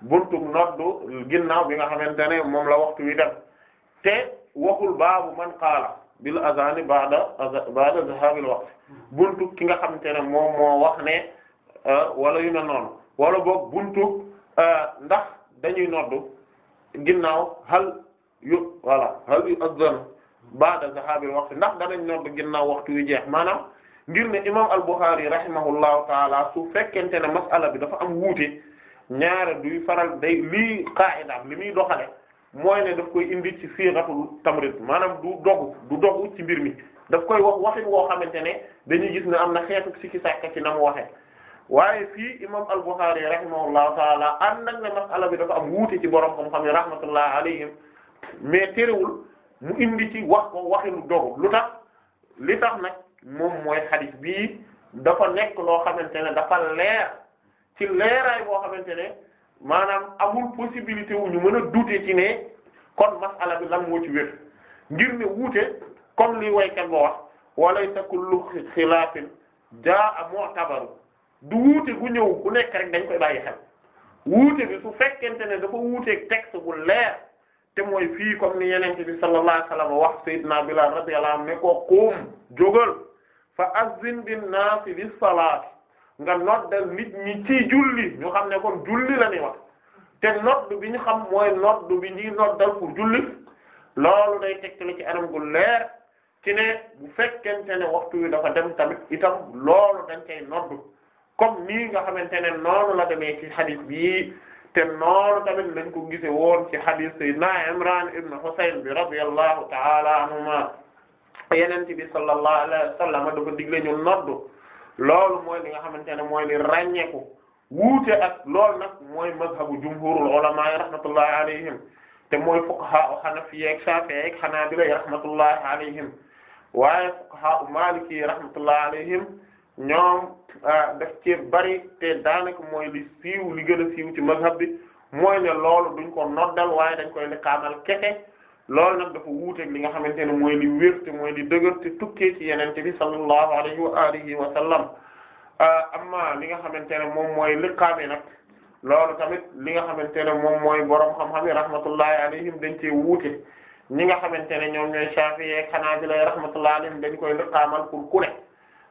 buntu noddu ginnaaw bi nga xamante ne moom la waxtu wi dem te waxul baabu man qaala bil adaan ba'da ba'da zahaabil waqt ki nga xamante ne moom moo wax ne uh, wala yu mel noonu wala boog buntu uh, ndax dañuy noddu ginnaaw hal yu voilà hal yu azan ba'da zahabil waxtu ndax danañ nodd ginnaaw waxtu yu jeex maanaam ngir ne imam al-Bukhari rahimahullahu taala su fekkente ne mas'ala bi dafa am wuute ñaare duy faral day lii qaa'idaam li muy doxale mooy ne daf koy indi ci siixatul tamrid maanaam du dogu du dogu ci mbir mi daf koy wax waxin woo xamante ne dañuy gis ne am na xeetu sikki sàkka ci na mu waxee waaye fii imam al-Bukhari rahimahullahu taala ànd ak ne mas'ala bi dafa am wuute ci borom xam-xam yi rahmatullahi alayhim mais terewul mu indi ci wax ko waxinu dogu lu tax li tax nag moom mooy xadis bii dafa nekk loo xamante ne dafa leer ci leeraay boo xamante ne maanaam amul possibilité wu ñu mën a duute ci ne kon masala bi lan moo ci ngir ne wuute comme li waykat ba wax walaysa kullu xilaafin jaa mu'tabaru du wuute gu ñëw ku nekk rek dañ koy bàyyi xel wuute bi su fekkente ne dafa wuuteeg texte bu leer te mooy fii comme ni yenente bi sallallahu alayhi wa sallam wax sayyidina Bilaal radiyallahu anhu ne ko qum jógal fa azzin binnaasi bis salaat nga noddal nit ñi ci julli ñu xam ne kon julli la ni wax te nodd bi ñu xam mooy nodd bi ñuy noddal pour julli loolu day tegtale ci anam gu leer ci ne bu fekkente ne waxtu wi dafa dem tamit itam loolu dañ koy nodd comme nii nga xamante ne noonu la demee ci bi te noonu tamit lañ ko gise woon ci hadith sayyidina Imran ibn Husayn bi radiyallahu ta'ala anhuma yeneen bi sallallahu alayhi wa sallam dafa digle ñu loolu mooy li nga xamante ne mooy li ràññeeku wuute ak loolu nag mooy mazhabu jumhurul ulama rahmatullahi alayhim te mooy fuqaha u hanafiyya ak rahmatullahi alayhim waaye fuqaha maliki rahmatullahi alayhim ñoom ah, daf ci bari te daanaka mooy li siiw li gën a siiw ci mazhab bi mooy ne loolu duñ ko noddal waaye dañ koy liqaamal keke loolu nag dafa wuuteeg li nga xamante ne mooy li wér te mooy li dëgër te tukkee ci yenente bi sallallahu alayhi wa alihi wa sallam ah, amma li nga xamante ne moom mooy liqaam yi nag loolu tamit li nga xamante ne moom mooy borom xam-xam yi alayhim dañ cee wuute ñi nga xamante ne ñoom ñooy Shafi'i ak dañ koy liqaamal pour ku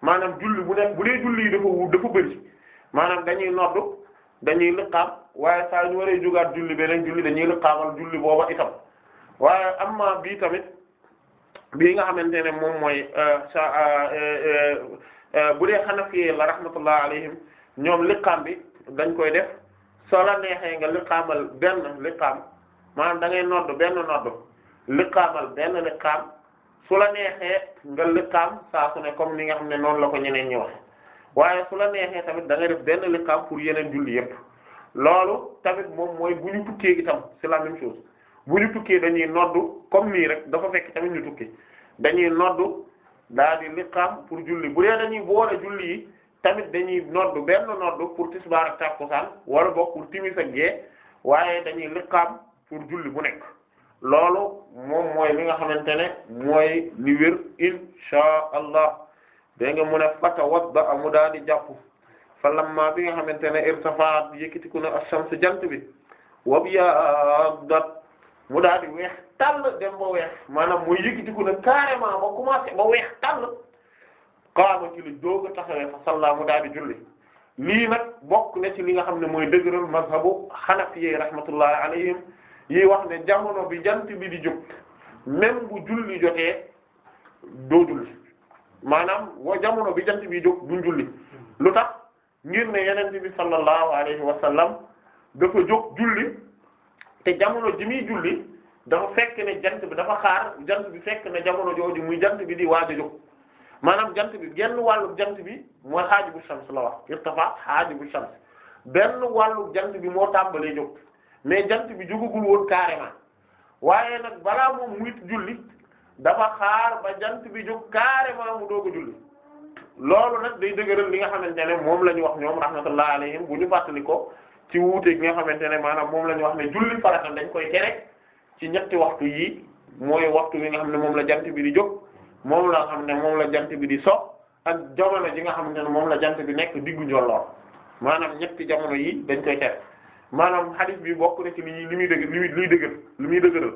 maanaam julli bu nekk bu dee julli yi dafa dafa bëri maanaam dañuy noddu dañuy liqaam waaye saa ñu waree jógaat julli beneen julli dañuy liqaamal julli booba itam waaye amma bii tamit bii nga xamante ne moom mooy euh, sa euh, euh, bu dee Hanafi la rahmatullah alayhim ñoom liqaam bi dañ koy def soo la neexee nga liqaamal benn liqaam maanaam da ngay nodd benn nodd liqaamal benn liqaam su la neexee nga lëkkaam saa su ne comme ni nga xam ne noonu la ko ñeneen ñi wax waaye su la neexee tamit da nga def benn lëkkaam pour yeneen julli yépp loolu tamit moom mooy bu ñu tukkee itam c'est la même bu ñu tukkee dañuy noddu comme nii rek dafa fekk tamit ñu tukki dañuy noddu daal di pour julli bu dee dañuy boole julli yi tamit dañuy noddu benn noddu pour tisbaar ak tàkkusaan a bokk pour timis gee waaye dañuy lëkkaam pour julli bu nekk. loolu moom mooy li nga xamante ne mooy li wér inchaa allah da nga mu ne fatawadda amu daa di jàpp fa lama bi nga xamante ne irtafaat yëkkatiku na ash-shams jant bi wabyadat mu daa di weex tàll dem ba weex maanaam mooy yëkkatiku na carrément ba commencé ba weex tàll qaama ci li doog a taxawee fa salla mu daa di julli lii nag bokk na ci li nga xam ne mooy dëgëral mazhabu xanafi yi rahmatullahi alayhim yi wax ne jamono bi jant bi di jóg même bu julli jotee doo julli maanaam wa jamono bi jant bi jóg duñ julli lu tax ngir ne yenente bi sallallahu alayhi wa sallam dafa jóg julli te jamono ji muy julli dafa fekk ne jant bi dafa xaar jant bi fekk ne jamono jooju muy jant bi di waaj a jóg maanaam jant bi genn wàllu jant bi mooy xaajibu shams la wax irtafa xaajibu shams benn wàllu jant bi moo tàmbalee jóg mais jant bi jugagul woon carrément waaye nag balaa moom muy julli dafa xaar ba jant bi jóg carrément mu doog a julli loolu nag day dëgëral li nga xamante ne moom la ñu wax ñoom rahmatullah alayhim bu ñu fàttali ko ci wuute gi nga xamante ne maanaam moom la ñu wax ne julli farata dañ koy tere ci ñetti waxtu yi mooy waxtu bi nga xam moom la jant bi di jóg moom la xam ne moom la jant bi di so ak jamono ji nga xamante ne moom la jant bi nekk diggu njolloor maanaam ñetti jamono yi dañ koy tere maanaam hadith bi bokk na ci li ñuy li muy dëgg li muy liy dëggal li muy dëggal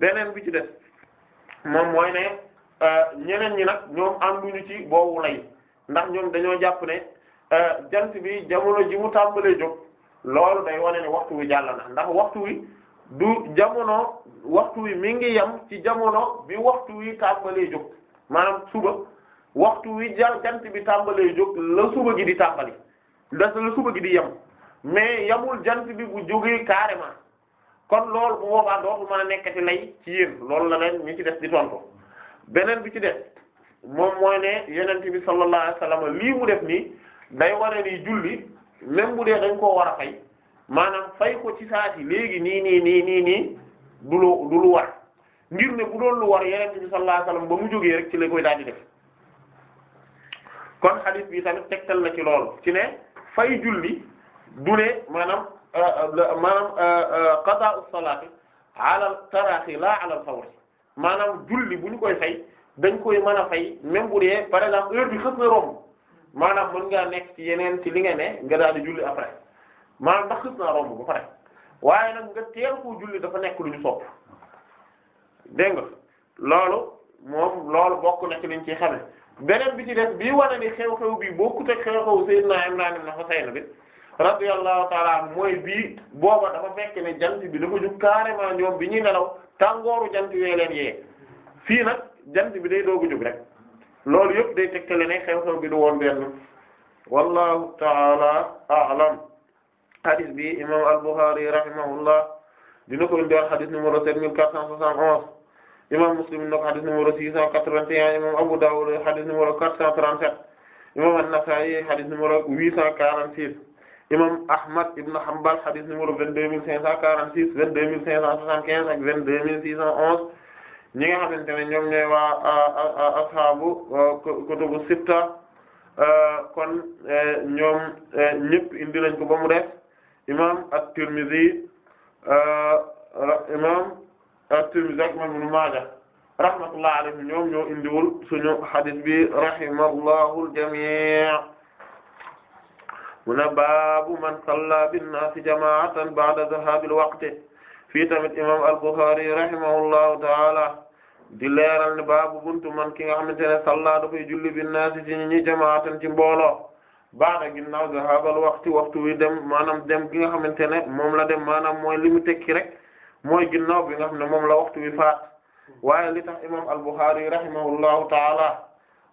beneen bi ci def moom mooy ne euh, ñeneen ñi nag ñoom ànduñu ci boobu lay ndax ñoom dañoo jàpp ne euh, jant bi jamono ji mu tàmbalee jóg loolu day wane ne waxtu wi jàll na ndax waxtu wi du jamono waxtu wi mi ngi yam ci jamono bi waxtu wi tàmbalee jóg maanaam suba waxtu wi jant bi tàmbalee jóg la suba gi di tàmbali da la suba gi di yam. mais yamul jant bi bu jógee carrément kon lool bu boobaa dootuma nekkati lay ci yéen loolu la leen ñi ci def di tontu beneen bi ci def moom mooy ne yonent bi sallallahu alayhi wasallam lii mu def nii day ware ni julli même bu dee dañ koo war a fay maanaam fay ko ci saati léegi nii nii nii nii nii du lu du lu war ngir ne bu doon lu war yonent bi sallallahu alayhi wasallam ba mu jógee rek ci la koy daal di def kon hadith bi tamit tegtal na ci loolu ci ne fay julli. du maanaam euh, euh, maanaam euh, qada as-salati ala al-tarahi la ala al-fawri maanaam julli bu ñu koy fay dañ koy mën a fay même bu dee par exemple heure bi xës na romb maanaam mën ngaa nekk ci yeneen ci li nga ne nga daal di julli après maanaam ndax xës naa romb ba pare waaye nag nga teel koo julli dafa nekk lu ñu sopp dégg nga loolu moom loolu bokk na ci liñ ciy xame beneen bi ci def bii wane ni xew-xew bi bokkut ak xew-xew Sayyidina Imran ibn Husayn bi radiyallahu taala an mooy bi booba dafa fekk ne jant bi dafa jug carrément ñoom bi ñuy nelaw tàngooru jant yee leen yee fii nag jant bi day doo jug rek loolu yëpp day tegtale ne xew-xew bi du woon benn wallahu taala a'lam hadis bi imam al-Bukhari rahimahullah dina ko indiwaat hadis numéro 7471 imam Muslim na ko hadis numéro 681 imam Abu Dawud hadis numéro 437 imam An-Nasa'i hadis numéro 846 imam Ahmad ibn Hanbal hadith numéro 22546 22575 ak 22611 ñi nga xamante ne ñoom ñooy waa ashaabu kutubu sitta euh, euh, ñoom euh, ñëpp indi ko ba mu def imam at-Tirmidhi imam at-Tirmidhi ak imam Ibn Maaja rahmatullah alayhim ñoom ñoo indiwul suñu hadith bi rahimahullahu al-jami' mu ne baabu man salla binnaasi jamaatan ba'da dhahaabil waqti fii tamit imam al-Bukhari rahimahullahu taala di leeral ne baabu buntu man ki nga xam ne salla dafay julli binnaasi ci nit ñi jamaatan ci mbooloo ba'da ginnaaw dhahaabal waqti waxtu wi dem maanaam dem gi nga xamante ne moom la dem maanaam mooy li mu tekki rek mooy ginnaaw bi nga xam ne moom la waxtu wi faat waaye li tax imam al rahimahullahu taala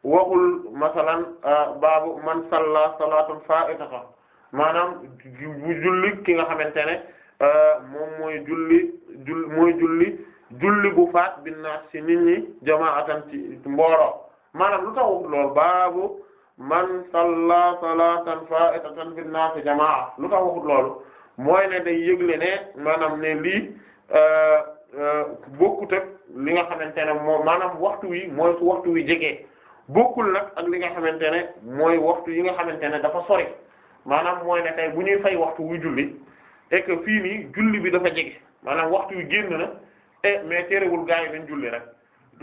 waxul masalan euh, baabu man salla salaatan faa'itatan maanaam bu julli ki nga xamante ne euh, moom mooy julli jull mooy julli julli bu faat binnaas ci nit ñi jamaatan ci mbooloo maanaam lu tax waxul lool baabu man salla salaatan faa'itatan binnaas jamaa lu tax waxul loolu mooy ne day yëgle ne maanaam ne lii euh, bokkut ak li nga xamante ne moom maanaam waxtu wi mooy waxtu wi jege. bokkul nag ak li nga xamante ne mooy waxtu yi nga xamante ne dafa sori maanaam mooy ne tey bu ñuy fay waxtu wu julli et fii nii julli bi dafa jege maanaam waxtu yu génn na et mais terewul gars yi nañ julli rek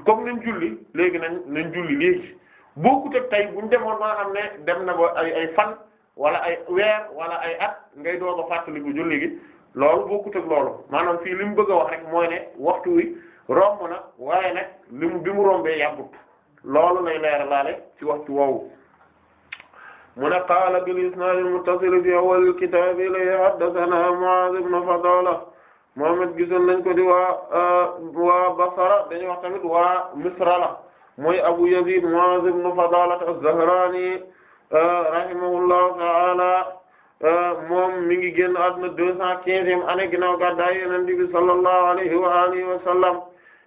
comme nañ julli léegi nañ nañ julli léegi bokkut ak tey bu ñu demoon maanaam ne dem na ba ay ay fan wala ay weer wala ay at ngay doog a fàttaliku julli gi loolu bokkut ak loolu maanaam fii li mu bëgg a wax rek mooy ne waxtu wi romb na waaye nag li mu bi mu rombee loolu lay leeralaale ci waxtu woowu mu ne qaala bil isnaad al fi awwal al kitaab ilay haddathana Mu'aaz ibn Fadaala Muhammad gisoon nañ ko di waa euh, waa Basra dañuy wax tamit waa Misra la Abu Yaziid Mu'aaz ibn Fadaala az-Zahraani euh, rahimahullahu ta'aala euh, moom mi ngi génn àdduna deux cent quinzième année ginnaaw gàddaay Yonent bi sallallahu alayhi wa alihi wa sallam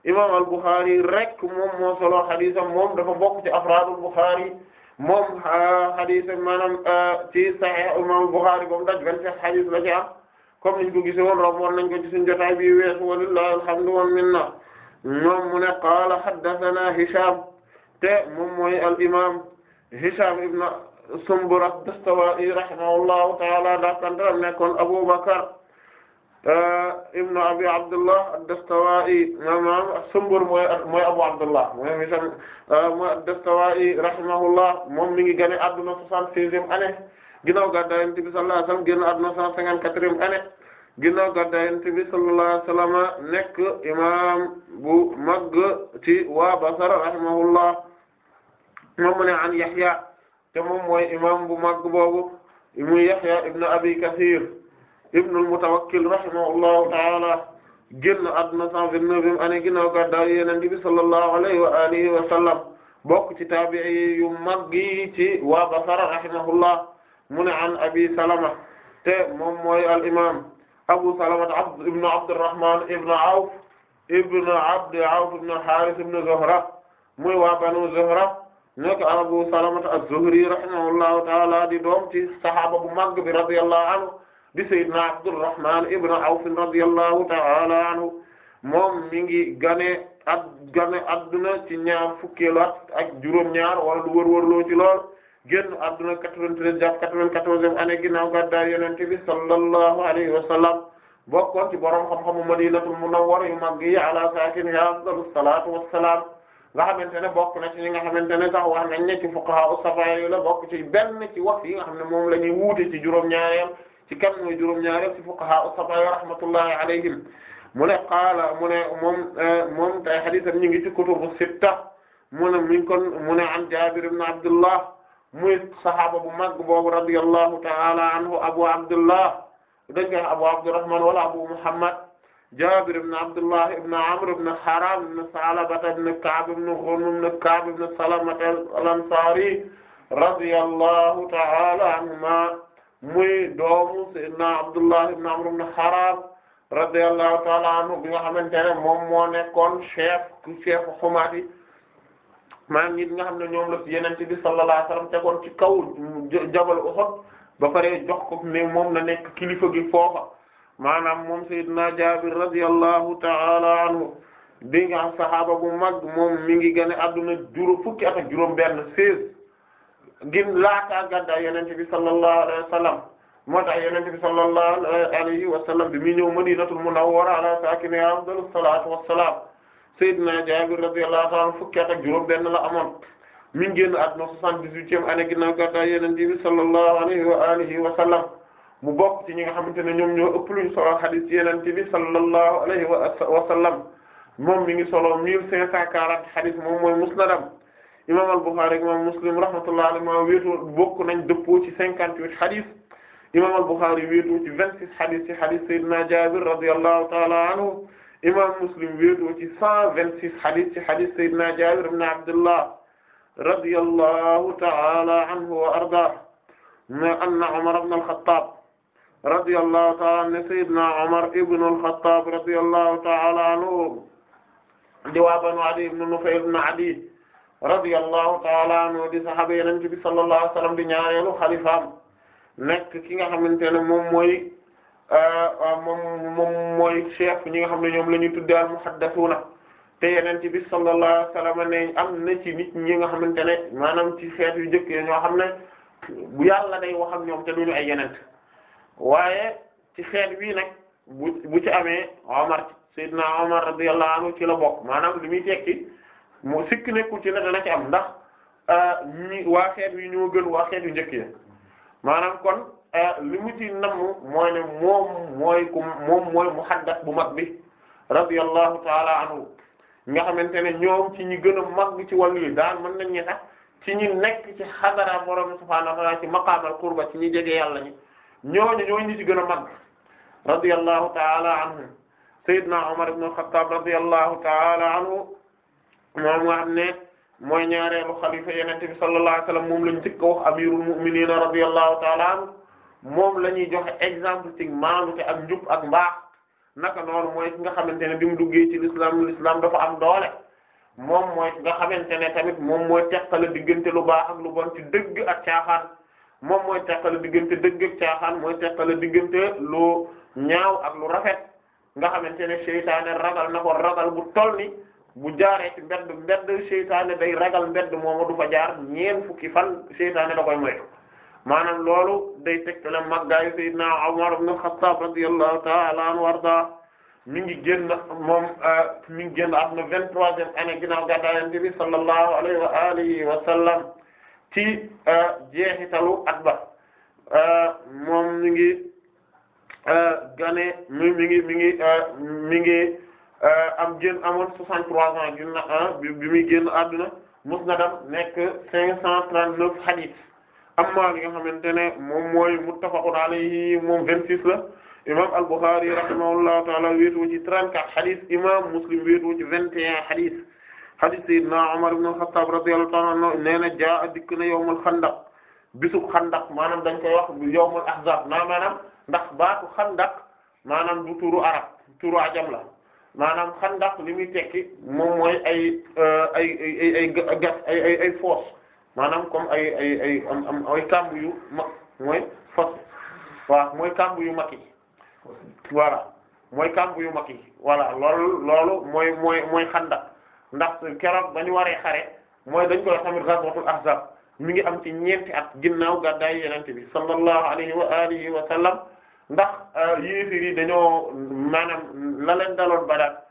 imam al-Bukhari rek moom moo solo xadisam moom dafa bokk ci afraadul Bukhari moom ah, xadisam maanaam ah, ci Sahih imam al-Bukhari boobu daj ban ci xadis la ci am comme niñ ko gisee woon romboon nañ ko ci suñu jotaay bi weesu walillahi alhamdu wal minna moom mu ne qaala haddathana Hisham te moom mooy al imam Hisham ibn Sumbura Dastawa'i rahimahullahu ta'ala daa kantaram nekkoon Abu Bakr Euh, ibnu abi abdullah ad-Dastuwaa'i i Sumbur mooy abu abdullah mooy misam euh, mooy ad-Dastuwaa'i rahimahullah moom mi ngi génn àdduna soixante-seizième année ginnaaw gàddaay Yonent bi sallallahu alayhi wasallam génn àdduna cent cinquante-quatrième année ginnaaw gàddaay Yonent bi sallallahu alayhi wasallam nekk imaam bu mag ci waa Basra rahimahullah moom mu ne an Yahya te moom mooy imaam bu mag boobu muy Yahya ibnu abi Kathir ibnul Mutawakkil rahimahullahu ta'ala génn àdduna 129 ane ginnaaw gàddaay Yonent bi sallallahu alayhi wa alihi wa sallam bokk ci taabi'i yu mag yi ci waa Basra rahimahullah mu ne an Abi Salama te moom mooy al imaam Abu Salama Abd ibn Abdurrahman ibn Awf ibn Abd Awf ibn Harith ibn Zuhra muy waa Banu Zuhra nekk Abu Salama az-Zuhri rahimahullahu ta'ala di doom ci saxaaba bu mag bi radiyallahu anhu di sayyidna Abdurrahman ibn Awf radiyallahu ta'ala anhu moom mi ngi gane ak gane adduna ci ñaar fukkeelu at ak juróom-ñaar wala lu wër-wërloo ci lool génn adduna 93 jàpp 94e année ginnaaw gàddaay Yonent bi sallallahu alayhi wa sallam bokkoon ci borom xam-xamu Madinatul Munawwara yu mag yi ala saakiniha afdalu salaatu wassalaam nga xamante ne bokk na ci ñi nga xamante ne sax wax nañ ne ci fuqaha u safa la bokk ci benn ci wax yi nga xam ne moom la ñuy wuute ci juróom ci kan mooy juróom-ñaareel ci fuqaha as-sab'a rahmatullahi alayhim mu ne qaala mu ne moom moom tay xadiisam ñu ngi ci kutubu sitta mu ne mi ngi kon mu ne an Jaabir ibn Abdullah muy saxaaba bu mag boobu radiyallahu ta'ala anhu Abu Abdullah dañ koy Abu Abdurrahman wala Abu Muhammad Jaabir ibn Abdullah ibn Amr ibn Haram ibn Salaba ibn Ka'b ibn Ghunm ibn Ka'b ibn Salama al-Ansari radiyallahu ta'ala anhuma muy doomu Seydina Abdullah ibn Amr ibn Haram radiyallahu ta'ala anhu bi nga xamante ne moom moo nekkoon chef chef xumaat yi maanaam ñi nga xam ne ñoom la fi Yonent bi sallallahu alayhi wasallam tegoon ci kaw jabal Uhud ba pare jox ko ne moom na nekk kilifa gi foofa maanaam moom Seydina Jaabir radiyallahu ta'ala anhu bi nga am saxaaba bu mag moom mi ngi gën a adduna juróom fukki at ak juróom benn seize ngir laataa gàddaay yonent bi sallallahu alayhi wa sallam moo tax yonent bi sallallahu alayhi wa sallam bi muy ñëw Madinatul Munawwara ala saakinihaa afdalu salaatu wassalaam Seydina Jaabir radiyallahu ta'ala anhu fukki at ak juróom benn la amoon mi ngi génn àdduna soixante-dix-huitième année ginnaaw gàddaay yonent bi sallallahu alayhi wa alihi wa sallam mu bokk ci ñi nga xamante ne ñoom ñoo ëpp luñu solo xadiis yonent bi sallallahu alayhi wa sallam moom mi ngi solo mille cinq cent quarante xadiis moom mooy musnadam imam al-Bukhari imam Muslim rahmatullah alayhi ma wéetoo bokk nañ dëppoo ci cinquante-huit hadith imam al-Bukhari wéetoo ci vingt-six hadith ci hadith Seydina Jaabir radiyallahu ta'ala anhu imam Muslim wéetoo ci cent vingt-six hadith ci hadith Seydina Jaabir ibn Abdullah radiyallahu ta'ala anhu wa arda ma anna Umar ibn al-Khattab radiyallahu ta'ala ne Seydina Umar ibn al-Khattab radiyallahu ta'ala anhu di waa Banu Adi ibn Nufayl ibn Adi radiyallahu taala anhu di sahaaba yenente bi sallallahu alayhi wa sallam di ñaareelu xalifaam nekk ki nga xamante ne moom mooy euh, moom moom ñi nga xam ne ñoom la ñuy tudde al muhaddasuuna te yenente bi sallallahu alayhi wa sallam ne am na ci nit ñi nga xamante ne maanaam ci xeet yu njëkk yi ñoo xam ne bu yàlla day wax ak ñoom te duñu ay yenent waaye ci xeet bii nag bu ci amee Omar Seydina Omar radiyallahu anhu ci la bokk maanaam li muy tekki mu sikk nekkul ci ne dana ci am ndax euh, ñi waa xeet wi ñoo gën waa xeet yu njëkk yi maanaam kon euh, li mu ci namm mooy ne moom mooy ku moom mooy muhaddas bu mag bi radiyallahu taala anhu nga xamante ne ñoom ci ñi gën a mag ci wàllu yi daal mën nañ ñi tax ci ñi nekk ci xadara borom subhaanahu wa ta'ala ci maqaamal qurba ci ñi jege yàlla ñi ñooñu ñooñu ñi ci gën a mag radiyallahu taala anhu sayyidna Umar ibn al-Khattab radiyallahu taala anhu moom nga xam ne mooy ñaareelu xalifa yonent bi sallallahu alayhi wasallam moom lañ njëkk a wax amirul mu'minin radiyallahu ta'ala anhu moom la ñuy joxe exemple ci maanute ak njub ak mbaax naka noonu mooy nga xamante ne bi mu duggee ci l'islam l'islam dafa am doole moom mooy nga xamante ne tamit moom mooy teqale diggante lu baax ak lu bon ci dëgg ak caaxaan moom mooy teqale diggante dëgg ak mooy teqale diggante lu ñaaw ak lu rafet nga xamante ne seytaane ragal na ko ragal bu toll ni bu jaaree ci mbedd mbedd seytaane day ragal mbedd mooma du fa jaar ñeen fukki fan seytaane da koy moytu loolu day tegtale màggaayu sayyidina Umar ibn al-Khattab radiyallahu ta'ala anhu warda mi ngi génn moom euh, mi ngi génn na vingt-troisième année ginnaaw gàddaay Yonent bi sallallahu alayhi wa alihi wa sallam ci euh, jeexitalu at ba euh, moom mi gane mi mi ngi mi Euh, am génn amoon 63 ans génn na euh, bi muy génn àdduna musnadam nekk 539 hadith amma li nga xamante ne moom mooy muttafaqun alayhi moom 26 la imam al-Bukhari rahimahullahu ta'ala wéetoo ci 34 hadith imam Muslim wéetoo ci 21 hadith hadith sayyidina Umar ibn al-Khattab radiyallahu ta'ala anhu nee na jaa dikk na yawmul xandaq bisub xandaq maanaam dañ koy wax yawmul ahzab naa maanaam ndax baatu xandaq maanaam du turu arab turu ajam la maanaam xandaq li muy tekki moom mooy ay euh, ay ay ay gas ay maanaam comme ay ay ay am am ay kàmb yu mooy fos waaw mooy kàmb yu mag yi voilà mooy kàmb yu mag yi voilà loolu loolu mooy mooy mooy xandaq ndax keroog ba ñu waree xare mooy dañ koy xamit ghazwatul ahzab mi ngi am ci ñeenti ak ginnaaw gàddaay yenente bi sallallahu alayhi wa alihi wa sallam ndax euh, yéeféer yi dañoo maanaam la leen daloon Badar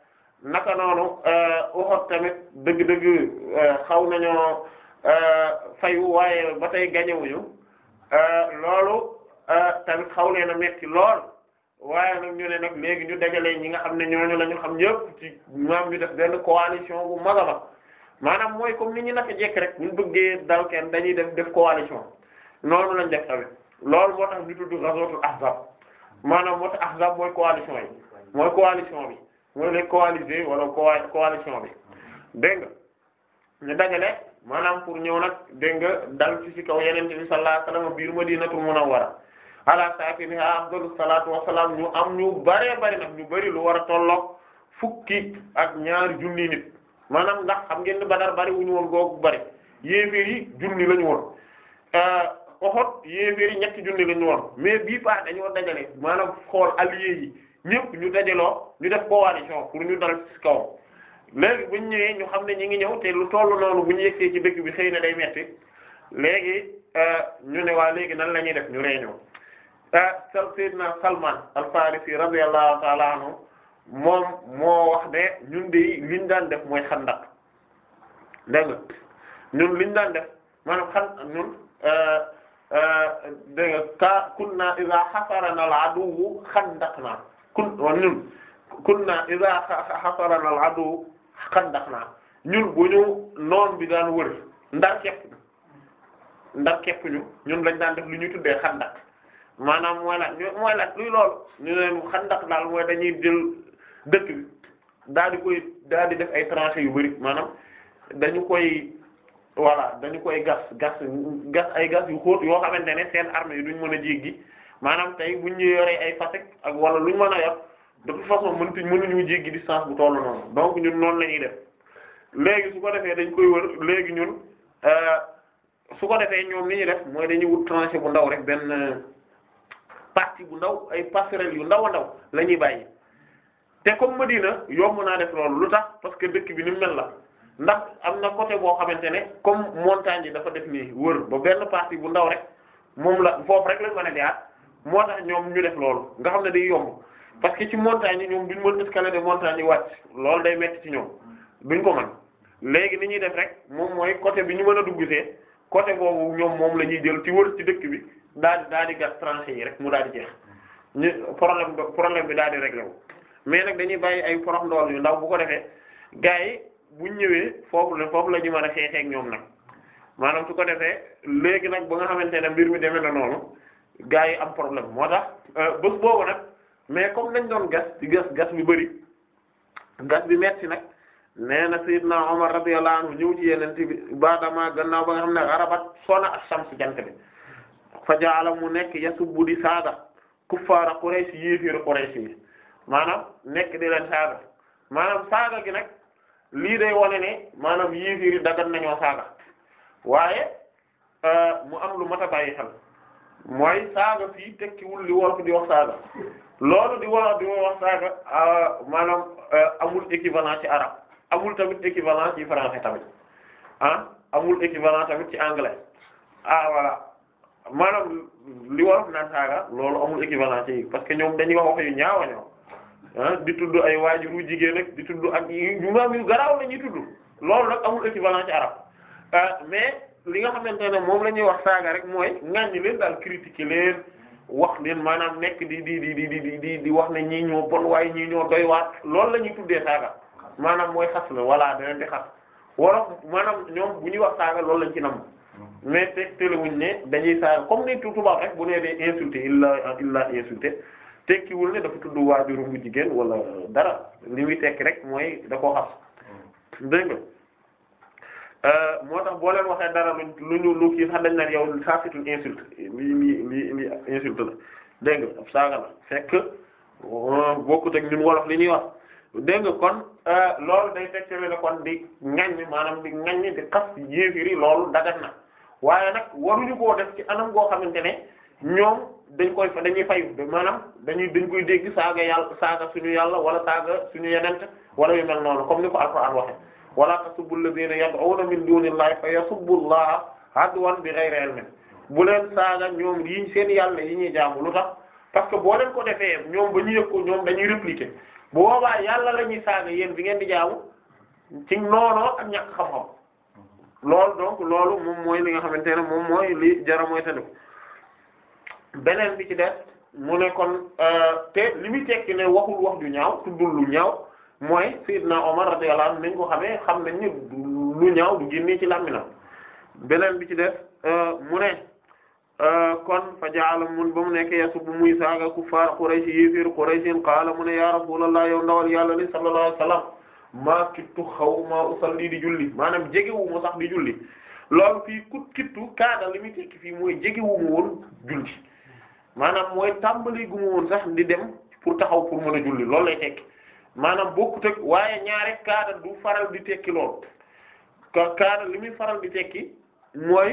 naka noonu euh, Uhud tamit dëgg-dëgg euh, xaw nañoo fayu waaye ba tey gañewuñu loolu tamit xaw leen a metti lool waaye nag ñu ne nag léegi ñu dajale ñi nga xam ne ñooñu la ñu xam ñëpp ci maam ñu def benn coalition bu mag a mag maanaam mooy comme ni ñu naka jekk rek ñu bëggee dal kenn dañuy def def coalition noonu lañ def tamit loolu moo tax ñu tudd ghazwatul ahzab maanaam moo tax ahzab mooy coalition yi mooy coalition bi mooy les coalisés wala coalition bi dégg nga ñu dajale maanaam pour ñëw nag dégg nga dal ci ci kaw yeneen bi sallallahu alayhi wasallam biir Madinatul Munawwara ala saakiniha afdalu salaatu wassalaam ñu am ñu bëree bëri nag ñu bari lu war a tolloog fukki ak ñaari junni nit maanaam ndax xam ngeen ni Badar bëri wu ñu woon googu bëri yéeféer yi junni la ñu woon euh, Uhud yéeféeri ñetti junni la ñu woon mais bii paa dañoo dajale maanaam xool alliés yi ñëpp ñu dajaloo ñu def coalition pour ñu dal ci kaw léegi bu ñu ñëwee ñu xam ne ñu ngi ñëw te lu tollu noonu bu ñu yegsee ci dëkk bi xëy na day metti léegi euh, ñu ne waa léegi nan lañuy def ñu réunion euh, Sayyidina Salman al-Farisi radiyallahu ta'ala anhu moom moo wax ne ñun de liñ daan def mooy xandak dégg nga ñun liñ daan def maanaam xan ñun. Euh, Eh, dégg nga ka kunna iza hasarana al-aduwwu xandaqna kun ñun kunna iza hasarana al-aduwwu xandaqna ñun bu ñu noon bi daan wër ndar kepp ndar kepp ñu ñun lañ daan def lu ñuy tuddee xandak maanaam mooy laaj mooy laaj luy loolu ñu ne daal mooy dañuy jël dëkk bi di koy daal di def ay tranchées yu bari maanaam dañu koy voilà dañu koy gas gas gas ay gas yu xóot yoo xamante ne seen armée yi duñ mën a jéggi maanaam tey buñ ñu yoree ay fasek ak wala luñ mën a yor de toute façon mënti mënuñu jéggi distance bu tollu noonu donc ñun noonu la def léegi su ko defee dañ koy wër léegi ñun euh, su ko defee ñoom li ñuy def mooy dañuy wut tranché bu ndaw rek benn partie bu ndaw ay passerelles yu ndaw a ndaw la ñuy bàyyi te comme yoo mun naa def loolu lu tax parce que dëkk bi ni mu la. ndax am na côté boo xamante ne comme montagne yi dafa def nii wër ba benn partie bu ndaw rek moom la foofu rek lañ mën a jaar moo tax ñoom ñu def loolu nga xam ne day yomb parce que ci montagne yi ñoom duñ mën escalader montagne yi wàcc loolu day metti ci ñoom duñ ko man léegi ni ñuy def rek moom mooy côté bi ñu mën a duggsee côté boobu ñoom moom la ñuy jël ci wër ci dëkk bi daal di daal di gas tranchées yi rek mu daal di jeex ñu problème problème bi daal di réglé wu mais nag dañuy bàyyi ay porox ndool yu ndaw bu ko defee gars yi buñ ñëwee foofu la foofu la ñu mën a xeexee ñoom nag maanaam su ko defee léegi nag ba nga xamante ne mbir mi demee na noonu gaa yi am problème moo tax euh, bés boobu nag mais comme nañ doon gas di gas gas bi bi metti nag nee na Seydina Omar radiyallahu anhu ñëw ci yeneen bi baadama gannaaw ba nga xam ne arabat sona as-shams jant bi fa ja'ala mu nekk ya di saaga kuffaara Quraysh yéeféer Quraysh yi maanaam nekk di leen saaga maanaam saaga gi nag lii day wane ne maanaam yéeféer yi dagan nañoo saaga waaye euh, mu am lu mat a bàyyi xel mooy saaga fii tekkiwul li di wax saaga loolu di wolof di wax saaga euh, maanaam euh, amul équivalent ci arabe amul tamit équivalent ci français tamit ah amul équivalent tamit ci anglais ah voilà maanaam li wolof naan saaga loolu amul équivalent ci parce que ñoom dañuy wax yu ñaawa ñaaw Ah, di tudd ay waajuru jigéen ak di tudd ak yu maam yu garaaw la ñuy tudd loolu nag amul équivalent ci arab ah, mais li nga xamante ne moom la ñuy wax saaga rek mooy ŋàññi leen daal critiquer wax leen maanaam nekk di di di di di di wax ne ñii ñoo bon waaye ñii ñoo doy waat loolu la ñuy tuddee saaga maanaam mooy xas la walla danañ di xas wolof maanaam ñoom bu ñuy wax saaga loolu lañ ci nam mais teg tëlewuñ ne dañuy saaga comme ni tubaab rek bu nee dee insulté illa illa insulté tekkiwul ne dafa tudd waajuru bu jigéen wala dara li muy tekki rek mooy da koo xam mm. dégg nga euh, moo tax boo leen waxee dara lu ñu lu kii sax dañ naan yow saa fitul insulte lii lii lii lii insulte la dégg nga ab saaga la fekk euh, bokkut ak ñun wolof li ñuy wax dégg nga kon euh, loolu day fekk ne kon di ŋaññi maanaam di ŋaññi di xas yéefiri loolu dagat na waaye nag waruñu koo def ci anam goo xamante ne ñoom dañ koy dañuy fay maanaam dañuy dañ koy dégg saaga yàlla saaga suñu yàlla wala saaga suñu yenent wala yu mel noonu comme ni ko alquran waxe wala tasubbu alladhina yad'una min dunillahi fa yasubbu allaha adwan bighayri ilmin bu leen saaga ñoom yi seen yàlla yi ñuy jaamu lu tax parce que boo leen ko defee ñoom ba ñu yëg ko ñoom dañuy répliquer bu yàlla la ñuy saaga yéen bi ngeen di jaamu ci noonoo ak ñàkk xam-xam loolu donc loolu moom mooy li nga xamante ne moom mooy li jara mooy tandiko beneen bi ci def mu ne kon euh, te li muy tekki ne waxul wax ju ñaaw tuddul lu ñaaw mooy Seydina Omar radiyallahu nañ ko xamee xam nañ ni lu ñaaw du génnee ci na beneen bi ci def euh, mu ne euh, kon fa jaala mun ba mu nekk yasub muy saaga kuffar Quraysh yéeféer Quraysh qaala mu ne ya Rasulullah yow ndawal yàlla li sallallahu alayhi wasallam maa kittu xaw maa usalli di julli maanaam jegewu ma sax di julli loolu fii kut kittu kaada li muy tekki fii mooy jegewuma woon julli maanaam mooy tàmbali gu mu woon sax di dem pour taxaw pour mën a julli loolu lay tekki maanaam bokkut ak waaye ñaare kaada du faral di tekki lool ka kaada li muy faral di tekki mooy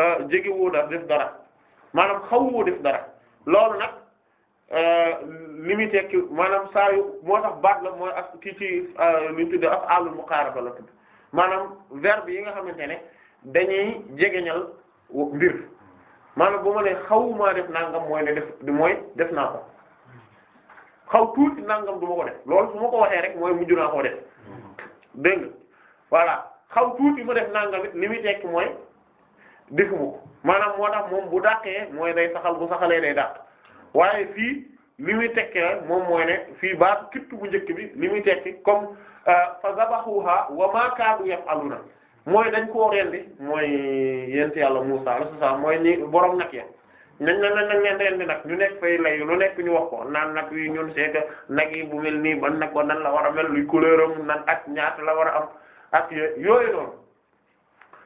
euh, jege woo da def dara maanaam xaw woo def dara loolu nag euh, li muy tekki maanaam saa yu moo tax baat la mooy ak kii ci euh, li ñu tuddee af'aalul muqaaraba la tudd maanaam verbe yi nga xamante ne dañuy jegeñal mbir. maanaam bu ma ne xaw maa def nangam mooy ne def mooy def naa ko xaw tuuti nangam du ma ko def loolu su ma ko waxee rek mooy mujj naa koo def dégg nga voilà xaw tuuti ma def nangam it li muy tekki mooy defuma ko maanaam moo tax moom bu dàqee mooy lay saxal bu saxalee day dàq waaye fii li muy tekki moom mooy ne fii baat kittu bu njëkk bi li muy tekki comme euh, fa zabahuha wa ma kaadu yaf'aluna mooy dañ koo rendi mooy yent yàlla Musa alayhi salaam mooy ñi borom nag ya nañ na nañ leen rendi ñu nekk fay lay lu nekk ñu wax ko naan nag yi ñun c'est nag yi bu mel nii ba nag ko nan la war a mel luy couleur am nan ak ñaata la war a am ak yooyu noonu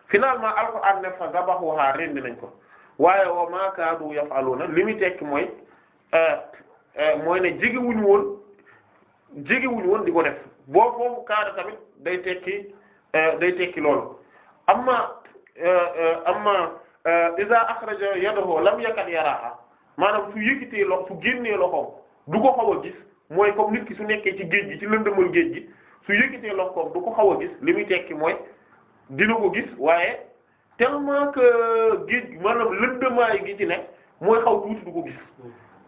finalement alquran ne fa zabahuha rendi nañ ko waaye wa ma kaadu yaf'aluna li muy tekki mooy euh, euh, mooy ne jege wuñu woon jege wuñu woon di ko def boo foofu kaada tamit day tekki. Euh, day tekki loolu amma euh, euh, amma iza akhraja yadahu lam yakad yaraha maanaam su yëkkitee loxo su génnee loxoom du ko xaw a gis mooy comme nit ki su nekkee ci géej gi ci lëndëmal géej gi su yëkkitee loxoom du ko xaw a gis li muy tekki mooy dina ko gis waaye tellement que géej gi maanaam lëndëmaay gi ci nekk mooy xaw tuuti du ko gis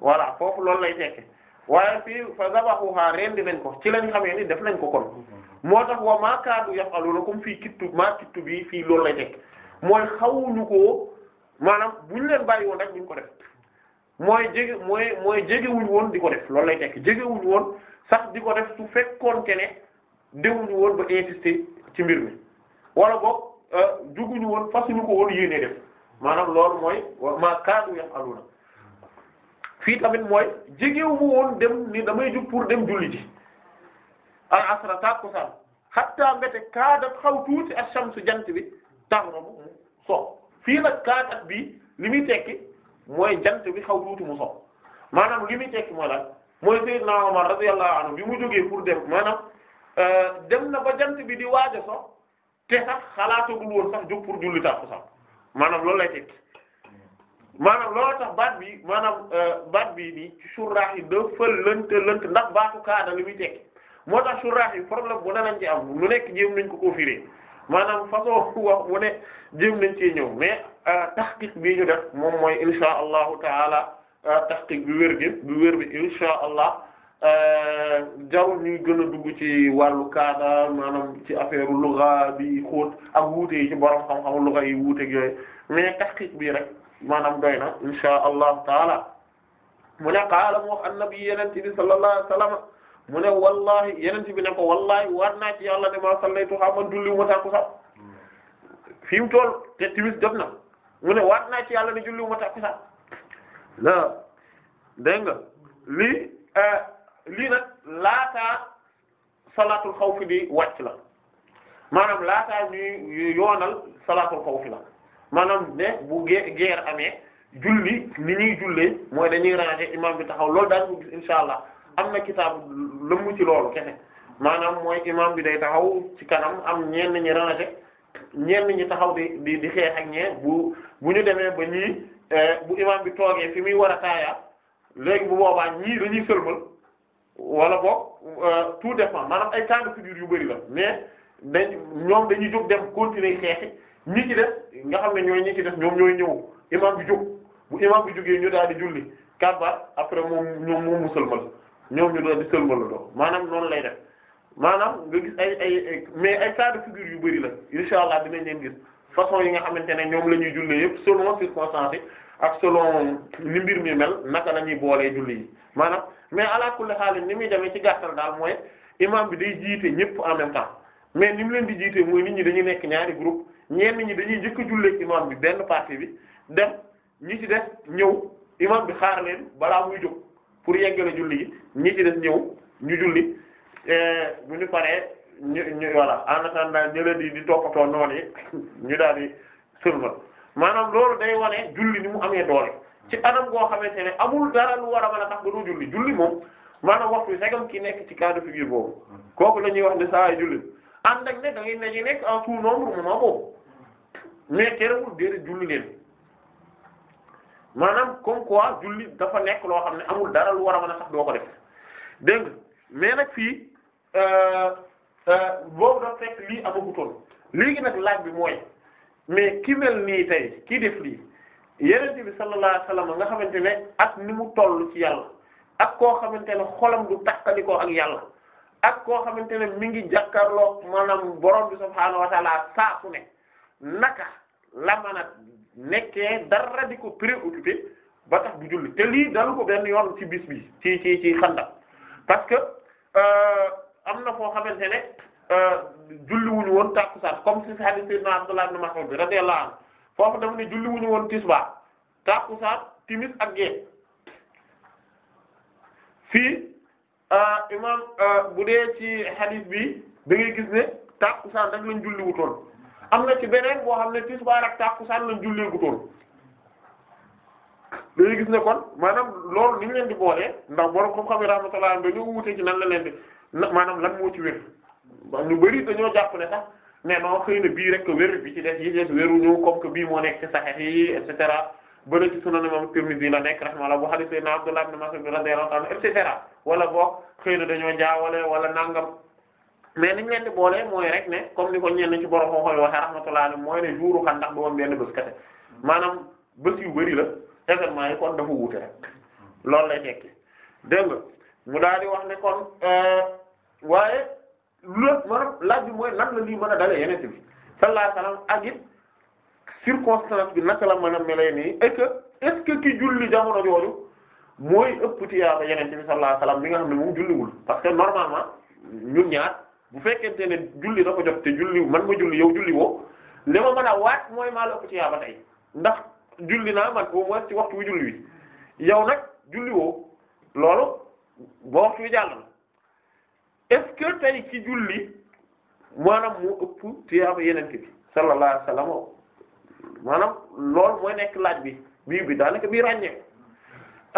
voilà foofu loolu lay tekki waaye fii fa zabahuha rendi nañ ko ci lañ xamee ni def nañ ko kon moo tax wa maa kaadu yaf'aluuna comme fii kittu maa kittu bi fii loolu lay teg mooy xawuñu ko maanaam buñ leen bàyyi woon rek duñ ko def mooy jege mooy mooy jegewuñ woon di ko def loolu lay teg jegewuñ woon sax di ko def su fekkoonte ne dewuñu woon ba insister ci mbir mi wala boog euh, juguñu woon fasuñu ko woon yéenee def maanaam lool mooy wa maa kaadu yaf'aluuna fii tamit mooy jegewu woon dem ni damay jug pour dem julli ji al asra tàkkusaan hatta mbete kaadat xaw tuuti shamsu jant bi taghrubu mu so fii nag kaadat bi li muy tekki mooy jant bi xaw tuuti mu so maanaam li muy tekki mooy lan mooy Seydina Umar radiyallahu anhu bi mu jógee pour dem maanaam euh, dem na ba jant bi di waaj a so te sax xalaatagul woon sax jóg pour julli tàkkusaan maanaam loolu lay tekki maanaam loolu tax baat bi maanaam euh, baat bi nii ci surraax yi dafa lënt lënt ndax baatu kaada li muy tekki moo tax suraax yi problème bu ne lañ ci am lu nekk jéem nañ ko koo firé fa façon wax bu ne jéem nañ cee ñëw mais euh, tahqiq bii ñu def moom mooy insha allahu taala euh, tahqiq bi wér gi bi wér bi insha allah euh, jarul ñuy gën a dugg ci wàllu kaada maanaam ci affaire lugha bi xóot ak wuute yi ci borom xam-xam lugha yi wuuteeg yooyu mais tahqiq bii rek maanaam doy na insha allahu taala mu ne qaala mu wax annabi yeneen bi sallallahu alayhi mu ne wallahi yeneen bi ne ko wallahi war naa ci yàlla ne maa sallaytu xaa man julli ma takkusaan fi mu toll te timis jot na mu ne war naa ci yàlla ne julli ma takkusaan la dégg nga lii eh, lii nag laataa salaatul xawfi di wàcc la maanaam laataa ñuy yoonal salaatul xawfi la maanaam ne bu gee geer amee julli ni ñuy jullee mooy dañuy ranger imam bi taxaw loolu daañu ko gis insha allah am na kitaabu lëmm ci loolu kese maanaam mooy imam bi day taxaw ci kanam am ñenn ñi rangé ñenn ñi taxaw di di di xeex ak ñee bu bu ñu demee ba ñii eh, bu imam bi toogee fi muy war a taayaa léegi bu boobaa ñii dañuy sëlmal wala boog eh, tout dépend maanaam ay cas de yu bari la mais dañ ñoom dañuy jóg dem continuer xeexi ñi ci def nga xam ne ñooy ñi ci def ñoom ñooy ñëw imam bi jóg bu imam bi jógee ñu daal di julli kàbbar après moom ñoom moom mu sëlmal ñoom ñu doon di sëlmalandoo maanaam noonu lay def maanaam nga gis ay ay mais ay cas de yu bari la insha allah dinañ leen gis façon yi nga xamante ne ñoom la ñuy jullee yëpp selon circonstance ak selon ni mbir mi mel naka la ñuy boolee julli yi maanaam mais ala kulli haal ni muy demee ci gàttal daal mooy imam bi day jiite ñëpp en même mais ni mu leen di jiite mooy nit ñi dañuy nekk ñaari groupe ñenn ñi dañuy jëkk a jullee imam bi benn partie bi dem ñi ci def ñëw imam bi xaar leen balaa muy jóg pour yeggale julli yi ñi ci des ñëw ñu julli eh, bu ñu paree ñu ñu voilà en attendant ñu leen di di toppatoo noonu yi ñu daal di sëlmal maanaam loolu day wane julli ni mu amee doole ci anam goo xamante ne amul dara lu war a mën a tax ba du julli julli moom maanaam waxtu bi ki nekk ci cas de figure boobu kooku la ñuy wax ne saa yu julli ànd ak ne da ngay nañu nekk en tout nombre moment boobu mais terewul déedéet julli leen. maanaam comme quoi julli dafa nekk loo xam ne amul dara lu war a mën a tax doo ko def dégg nga mais nag fii euh, euh, boobu dafa fekk lii amagutoon léegi nag laaj bi mooy mais ki mel nii tey kii def lii yeneen bi sallallahu alayhi nga xamante ne ak ni mu toll ci yàlla ak koo xamante ne xolam du takkalikoo ak yàlla ak koo xamante ne mu ngi jàkkaarloo maanaam borom bi subhaanahu wa ta'ala ne naka la mën a nekkee dara di ko préoccupé ba tax du julli te lii dalu ko benn yoon ci bis bi ci ci ci xandak parce que euh, am na foo xamante ne euh, julliwuñu woon tàkkusaan comme ci hadith sayyidina Abdullah ibn Mas'ud bi radiyallahu anhu foofu dafa ne julliwuñu woon tisbaar tàkkusaan timis ak gée fii euh, imam bu dee ci hadith bi da ngay gis ne tàkkusaan rek lañ julliwutoon am na ci beneen boo xam ne tisbaar ak tàkkusaan lañ julleegu tool dañuy gis ne kon maanaam loolu ni leen di boolee ndax borom xam-xam yi rahmatullah ba ñu wutee ci nan la leen di maanaam lan moo ci wér ñu bari dañoo jàpp ne sax ne non xëy bii rek wér bi ci def yi des wéruñu comme que bii moo nekk ci saxex yi et cetera bële ci sunan imam Tirmidhi la nekk rahmatullah bu hadith Abdullah ibn Mas'ud radiyallahu anhu et cetera wala boog xëy na dañoo jaawale wala nangam mais niñ leen di boolee mooy rek ne comme ni ko ñenn ci borom koo koy waxee rahmatullah alayhi mooy ne juuru xandax du woon benn bés kese maanaam bés yu bari la événement yi kon dafa wuute rek loolu lay tekki dégg nga mu daal di wax ne kon euh, waaye lu maanaam laaj bi mooy nan la lii mën a dalee yeneen bi sallallahu alayhi wasallam ak it circonstance bi naka la mën a melee nii est que est ce que ki julli jamono jooju mooy ëpp ci yaaba yeneen bi sallallahu alayhi wasallam mi nga xam ne moom julliwul parce que normalement ñun bu fekkente ne julli dafa jot te julli man ma julli yaw julli woo li ma a waat mooy maa la ëpp ci yaaba tey ndax julli naa man au moins ci waxtu wi julli wi yow nag julli woo loolu ba waxtu wi jàll na est-ce que julli maanaam moo ëpp ci yaaba yeneen bi sallallahu alayhi wasallam maanaam loolu mooy nekk laaj bi bii bi daanaka bii ràññee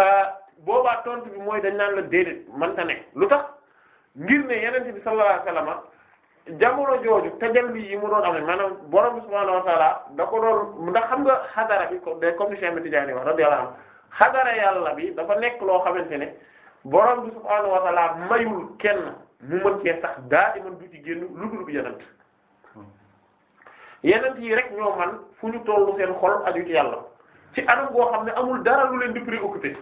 euh, boobaa tontu bi mooy dañ naan la déedéet manta lu tax. ngir ne yenente bi sallallahu alayhi wasallam jamono jooju tajalli yi mu doon amee maanaam borom bi subhaanahu wa da ko doon ndax xam nga xadara bi comme comme Cheikh Tidiane wax radiyallahu anhu xadara yàlla bi dafa nekk loo xamante ne borom bi subhaanahu wa taala mayul kenn mu mën cee sax daa di mën du ci génn lu dul yenent yenent yi rek ñoo man fu ñu tollu seen xol aju ci yàlla ci anam boo xam ne amul dara lu leen di préoccupé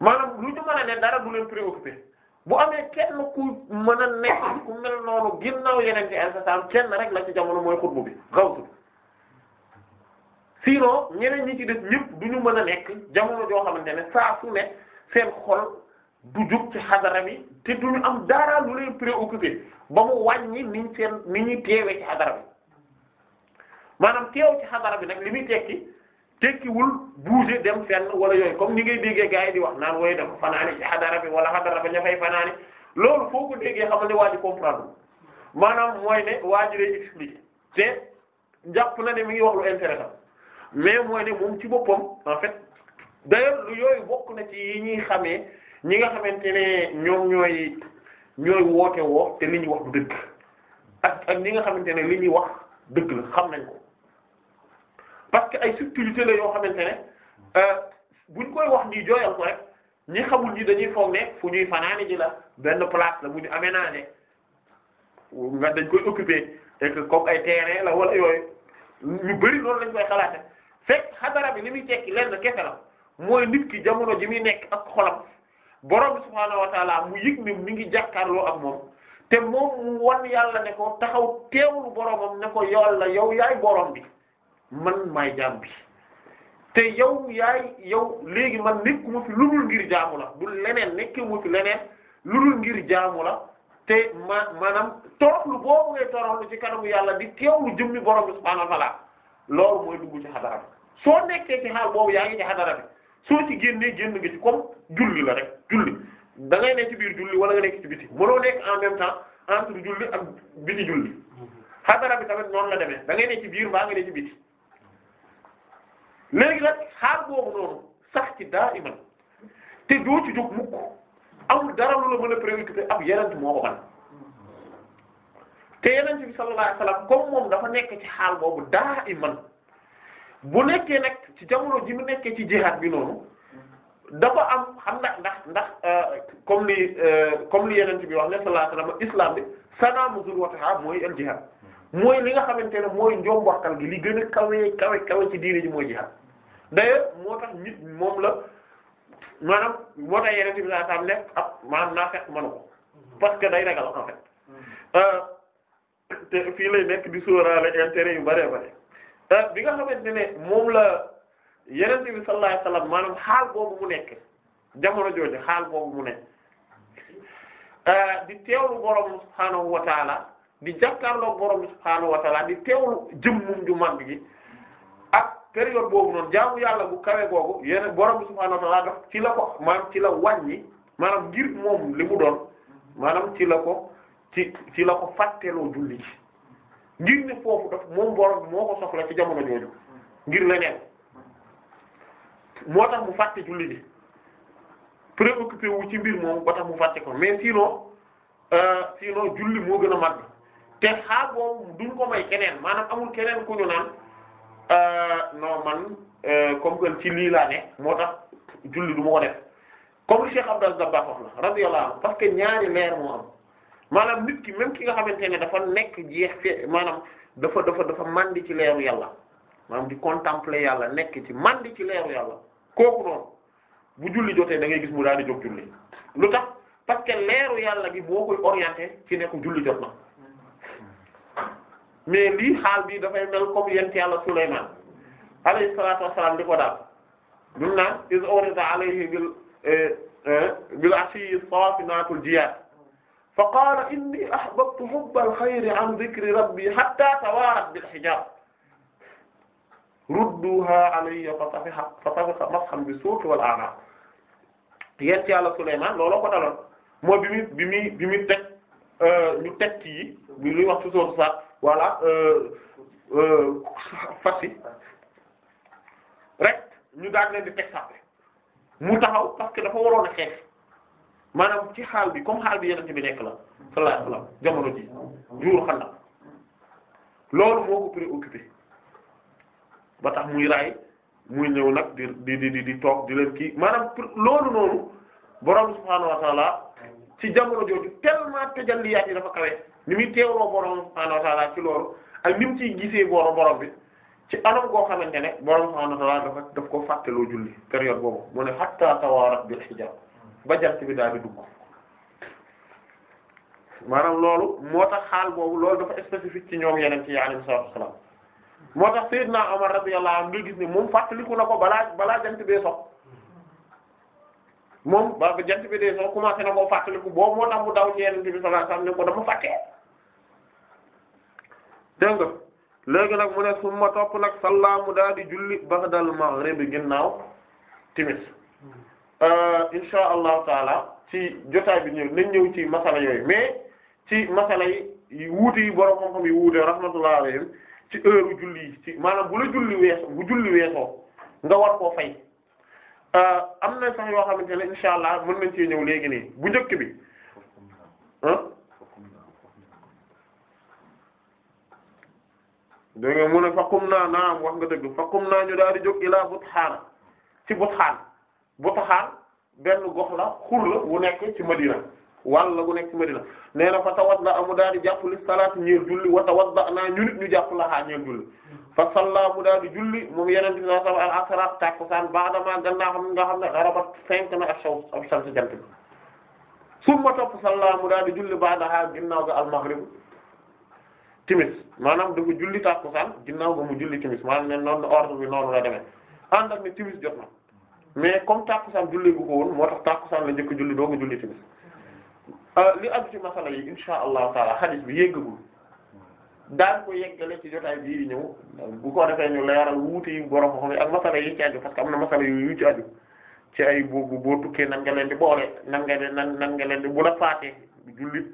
maanaam lu ñu mën a ne dara du leen préoccupé bu amee kenn ku mën a nekk ku mel noonu ginnaaw yeneen ci instant kenn rek la ci jamono mooy xutbu bi gawtu sinon ñeneen ñi ci def ñëpp du ñu mën a nekk jamono joo xamante ne saa su ne seen xol du jug ci xadara bi te du ñu am dara lu leen préoccupé ba mu wàññi niñ seen ni ñuy teewee ci xadara bi maanaam teew ci xadara bi nag li muy tekki tekkiwul bouger dem fenn wala yooyu comme ni ngay déggee gars yi di wax naan wooy dafa fanaani ci xadara bi wala xadara ba ña fay fanaani loolu foo ko déggee xamal ne waa ji comprendre maanaam mooy ne waa ji te jàpp na ne mi ngi wax lu intéressant mais mooy ne moom ci boppam en fait d'ailleurs yooyu bokk na ci yi ñuy xamee ñi nga xamante ne ñoom ñooy ñooy woote woo te li ñuy wax du dëgg ak ak nga xamante ne li ñuy wax dëgg la xam nañ ko parce que ay subtilité la yoo xamante ne euh, buñ koy wax ni jooyal ko rek ñi xamul ni dañuy foog ne fu ñuy fanaani ji la benn place la bu ñu aménagé nga dañ koy occupé et que comme ay terrain la wala yooyu ñu bari loolu lañ koy xalaate fekk xadara bi li muy tekki lenn kese la mooy nit ki jamono ji muy nekk ak xolam borom subhaanahu wa taala mu yëg ne mi ngi jàkkaarloo ak moom te moom mu wan yàlla ne ko taxaw teewlu boromam ne ko yool la yow man maay jaam bi te yow yaay yow léegi man nekkuma fi lu dul ngir jaamu la leneen nekkuma fi leneen lu dul ngir jaamu la te ma maanaam toroxlu boobu ngay toroxlu ci kanamu yàlla di teewlu jëmmi borom bi subhaanahu wa ta'aala loolu mooy dugg ci xadara bi soo nekkee ci xaal boobu yaa ngi ci xadara bi soo ci génnee génn nga ci comme julli la rek julli da ngay nekk biir julli wala nga nekk ci biti mënoo nekk en même temps entre julli ak biti julli mm-hmm. xadara bi tamit noonu la demee da ngay nekk biir mbaa nga nekk ci léegi nag xaal boobu noonu sax ci daa iman te doo ci jóg mukk amul dara lu la mën a préoccupé ab yeneen moo ko man te yeneen bi sallallahu alayhi wasallam comme dafa nekk ci xaal boobu daa iman nekkee nag ci jamono ji mu nekkee ci jihaad bi noonu dafa am xam ndax ndax ndax euh, comme li euh, comme li yeneen wax ne sallallahu alayhi wasallam islam bi sanaamu zurwataha mooy li nga xamante ne mooy njomboxtal gi li gën a kawe kawe kawe ci diine ji mooy jihaad d'ailleurs moo tax moom la maanaam moo tax yeneen bi saa tam nekk ab maanaam naa fekk manu ko mhm. parce que day ragal en fait mhm. euh, te fii lay nekk di sóoraale intérêt yu bëree bëri euh, bi nga xamante ne moom la yeneen bi sallallahu alayhi maanaam xaal boobu mu nekk jamono jooju xaal boobu mu nekk euh, di teewlu borom subhaanahu wa taala di jàkkaarloog borom subhaanahu wa taala di teewlu jëmmum ju mag gi. période boobu noonu jaamu yàlla bu kawe googu yeneen borom bi subhaanahu wa ta'aala daf ci la ko maanaam ci la wàññi maanaam ngir moom li mu doon maanaam ci la ko ci ci la ko fàtteloo julli ci ngir ne foofu daf moom borom moo ko soxla ci jamono jooju ngir leneen moo tax mu fàtte julli ji préoccupé wu ci mbir moom ba tax mu fàtte ko mais sinon euh, sinon julli moo gën a mag te xaar boobu duñ ko may keneen maanaam amul keneen ku ñu naan Euh, non man euh, comme que ci lii laa ne moo tax julli du ma ko def comme Cheikh Abdel Zabbah wax la radiyallahu anhu parce que ñaari leer moo am maanaam nit ki même ki nga xamante ne dafa nekk jeex fe maanaam dafa dafa dafa màndi ci leeru yàlla maanaam di contempler yàlla nekk ci màndi ci leeru yàlla kooku noonu bu julli jotee da ngay gis mu daal di jóg julli lu tax parce leeru yàlla gi boo koy orienté ci nekk julli jot na mais lii xaal bii dafay mel comme yent yàlla Sulaymaan alayhi salaatu wassalaam di ko daal dum naan is urida alayhi bil eh, eh, bil ashiyyi saafinatul jiyaad fa qaala inni ahbabtu hubbal xayri an dhikri rabbi hatta tawaarat bil hijaab rudduha alayya fa safiha fa safiha mashan bi suuqi wal a'naaq yent yàlla Sulaymaan looloo ko daloon mooy bi muy bi muy bi muy teg eh, ñu teg ci yi bi luy wax ci sóotu sax voilà euh, euh, fas yi rek ñu daan leen di teg mu taxaw parce que dafa waroon a xeex maanaam ci xaal bi comme xaal bi yeneen bi nekk la sallallahu alayhi jamono ji jour xanaa loolu moo ko préoccupé ba tax muy raay muy ñëw nag di di di di toog di leen kii maanaam loolu noonu borom subhaanahu wa taala ci jamono jooju tellement tajalliyaat yi dafa kawe. ni muy teewloo borom subhaanahu wa ci loolu ak ni mu ciy gisee borom borom bi ci anam goo xamante ne borom subhaanahu wa ta'aala dafa daf ko fàttaloo julli période boobu mu ne hatta tawaarat bil hijaab ba jant bi daal di dugg maanaam loolu moo tax xaal boobu loolu dafa ci ñoom yeneen ci alayhi wa salaam moo tax Seydina Omar radiyallahu anhu nga gis ne moom fàttaliku na ko balaa balaa jant bee sox jant bi dee sox na koo fàttaliku boobu moo tax mu daw ci yeneen bi sallallahu alayhi ne ko dafa fàttee dégg léegi nag mu ne su ma topp nag salla mu daal di julli ba'dal maghrib ginnaaw timis hmm. euh, insha allahu taala ci jotaay bi ñëw nañ ñëw ci masala yooyu mais ci masala yi wuute yi borom xam yi wuute rahmatullahi alayhim ci heure bu julli yi ci maanaam bu la julli weesoo bu julli weesoo nga war koo fay euh, am na sax yoo xamante ne insha allah mën nañ cee ñëw léegi nii bu njëkk bi dégg nga mu ne faqum naa naam wax nga dëgg faqum naa ñu daal di jóg ilaa Buthaan ci Buthaan Buthaan benn gox la xur la bu nekk ci Madina wàll la bu nekk ci Madina nee na fa tawadda amu daal di jàpp li salaat ñeel julli wa tawadda naa ñu nit ñu jàpp la xaa ñeel julli fa salla mu daal di julli moom yeneen bi sallallahu alayhi wa sallam takusaan ba'dama gannaaw xam nga xam ne garabat fenk na ash-shams ak jant bi summa topp salla mu daal di julli ba'daha ginnaaw ga al timis maanaam dafa julli tàkkusaan ginnaaw ba mu julli timis maa ne noonu ordre bi noonu la demee ànd ak ne timis jot na mais comme tàkkusaan julli bu ko woon moo tax tàkkusaan la jëkk julli doo ko julli timis euh, li am ci masala yi insha allahu taala hadith bi yeggagul daan ko yeggale ci jotaay bii di ñëw bu ko defee ñu leeral wuute yi borom xam ak masala yi ci aju parce que am na masala yu yu ci aju ci ay boobu boo tukkee nan nga leen di boole nan nga leen nan leen di bu la faatee jullit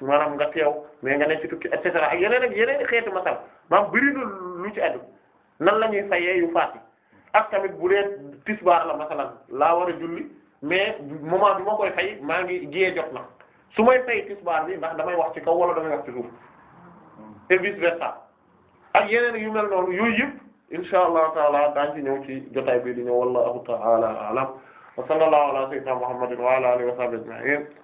maanaam mais nga ne ci tukki et cetera ak yeneen ak yeneen xeetu masal maam bëri na lu ci aju nan la ñuy fayee yu faat yi ak tamit bu dee tisbaar la masalan laa war a julli mais moment bi ma koy fay maa ngi jiyee jot na su may fay tisbaar bi ndax damay wax ci kaw wala damay wax ci suuf et vice versa ak yeneen yu mel noonu yooyu yëpp insha allahu taala daañ ci ñëw ci jotaay bi di ñëw wallahu taala alam wa sallallahu ala sayyidina muhammadin wa ala alihi wa sahbihi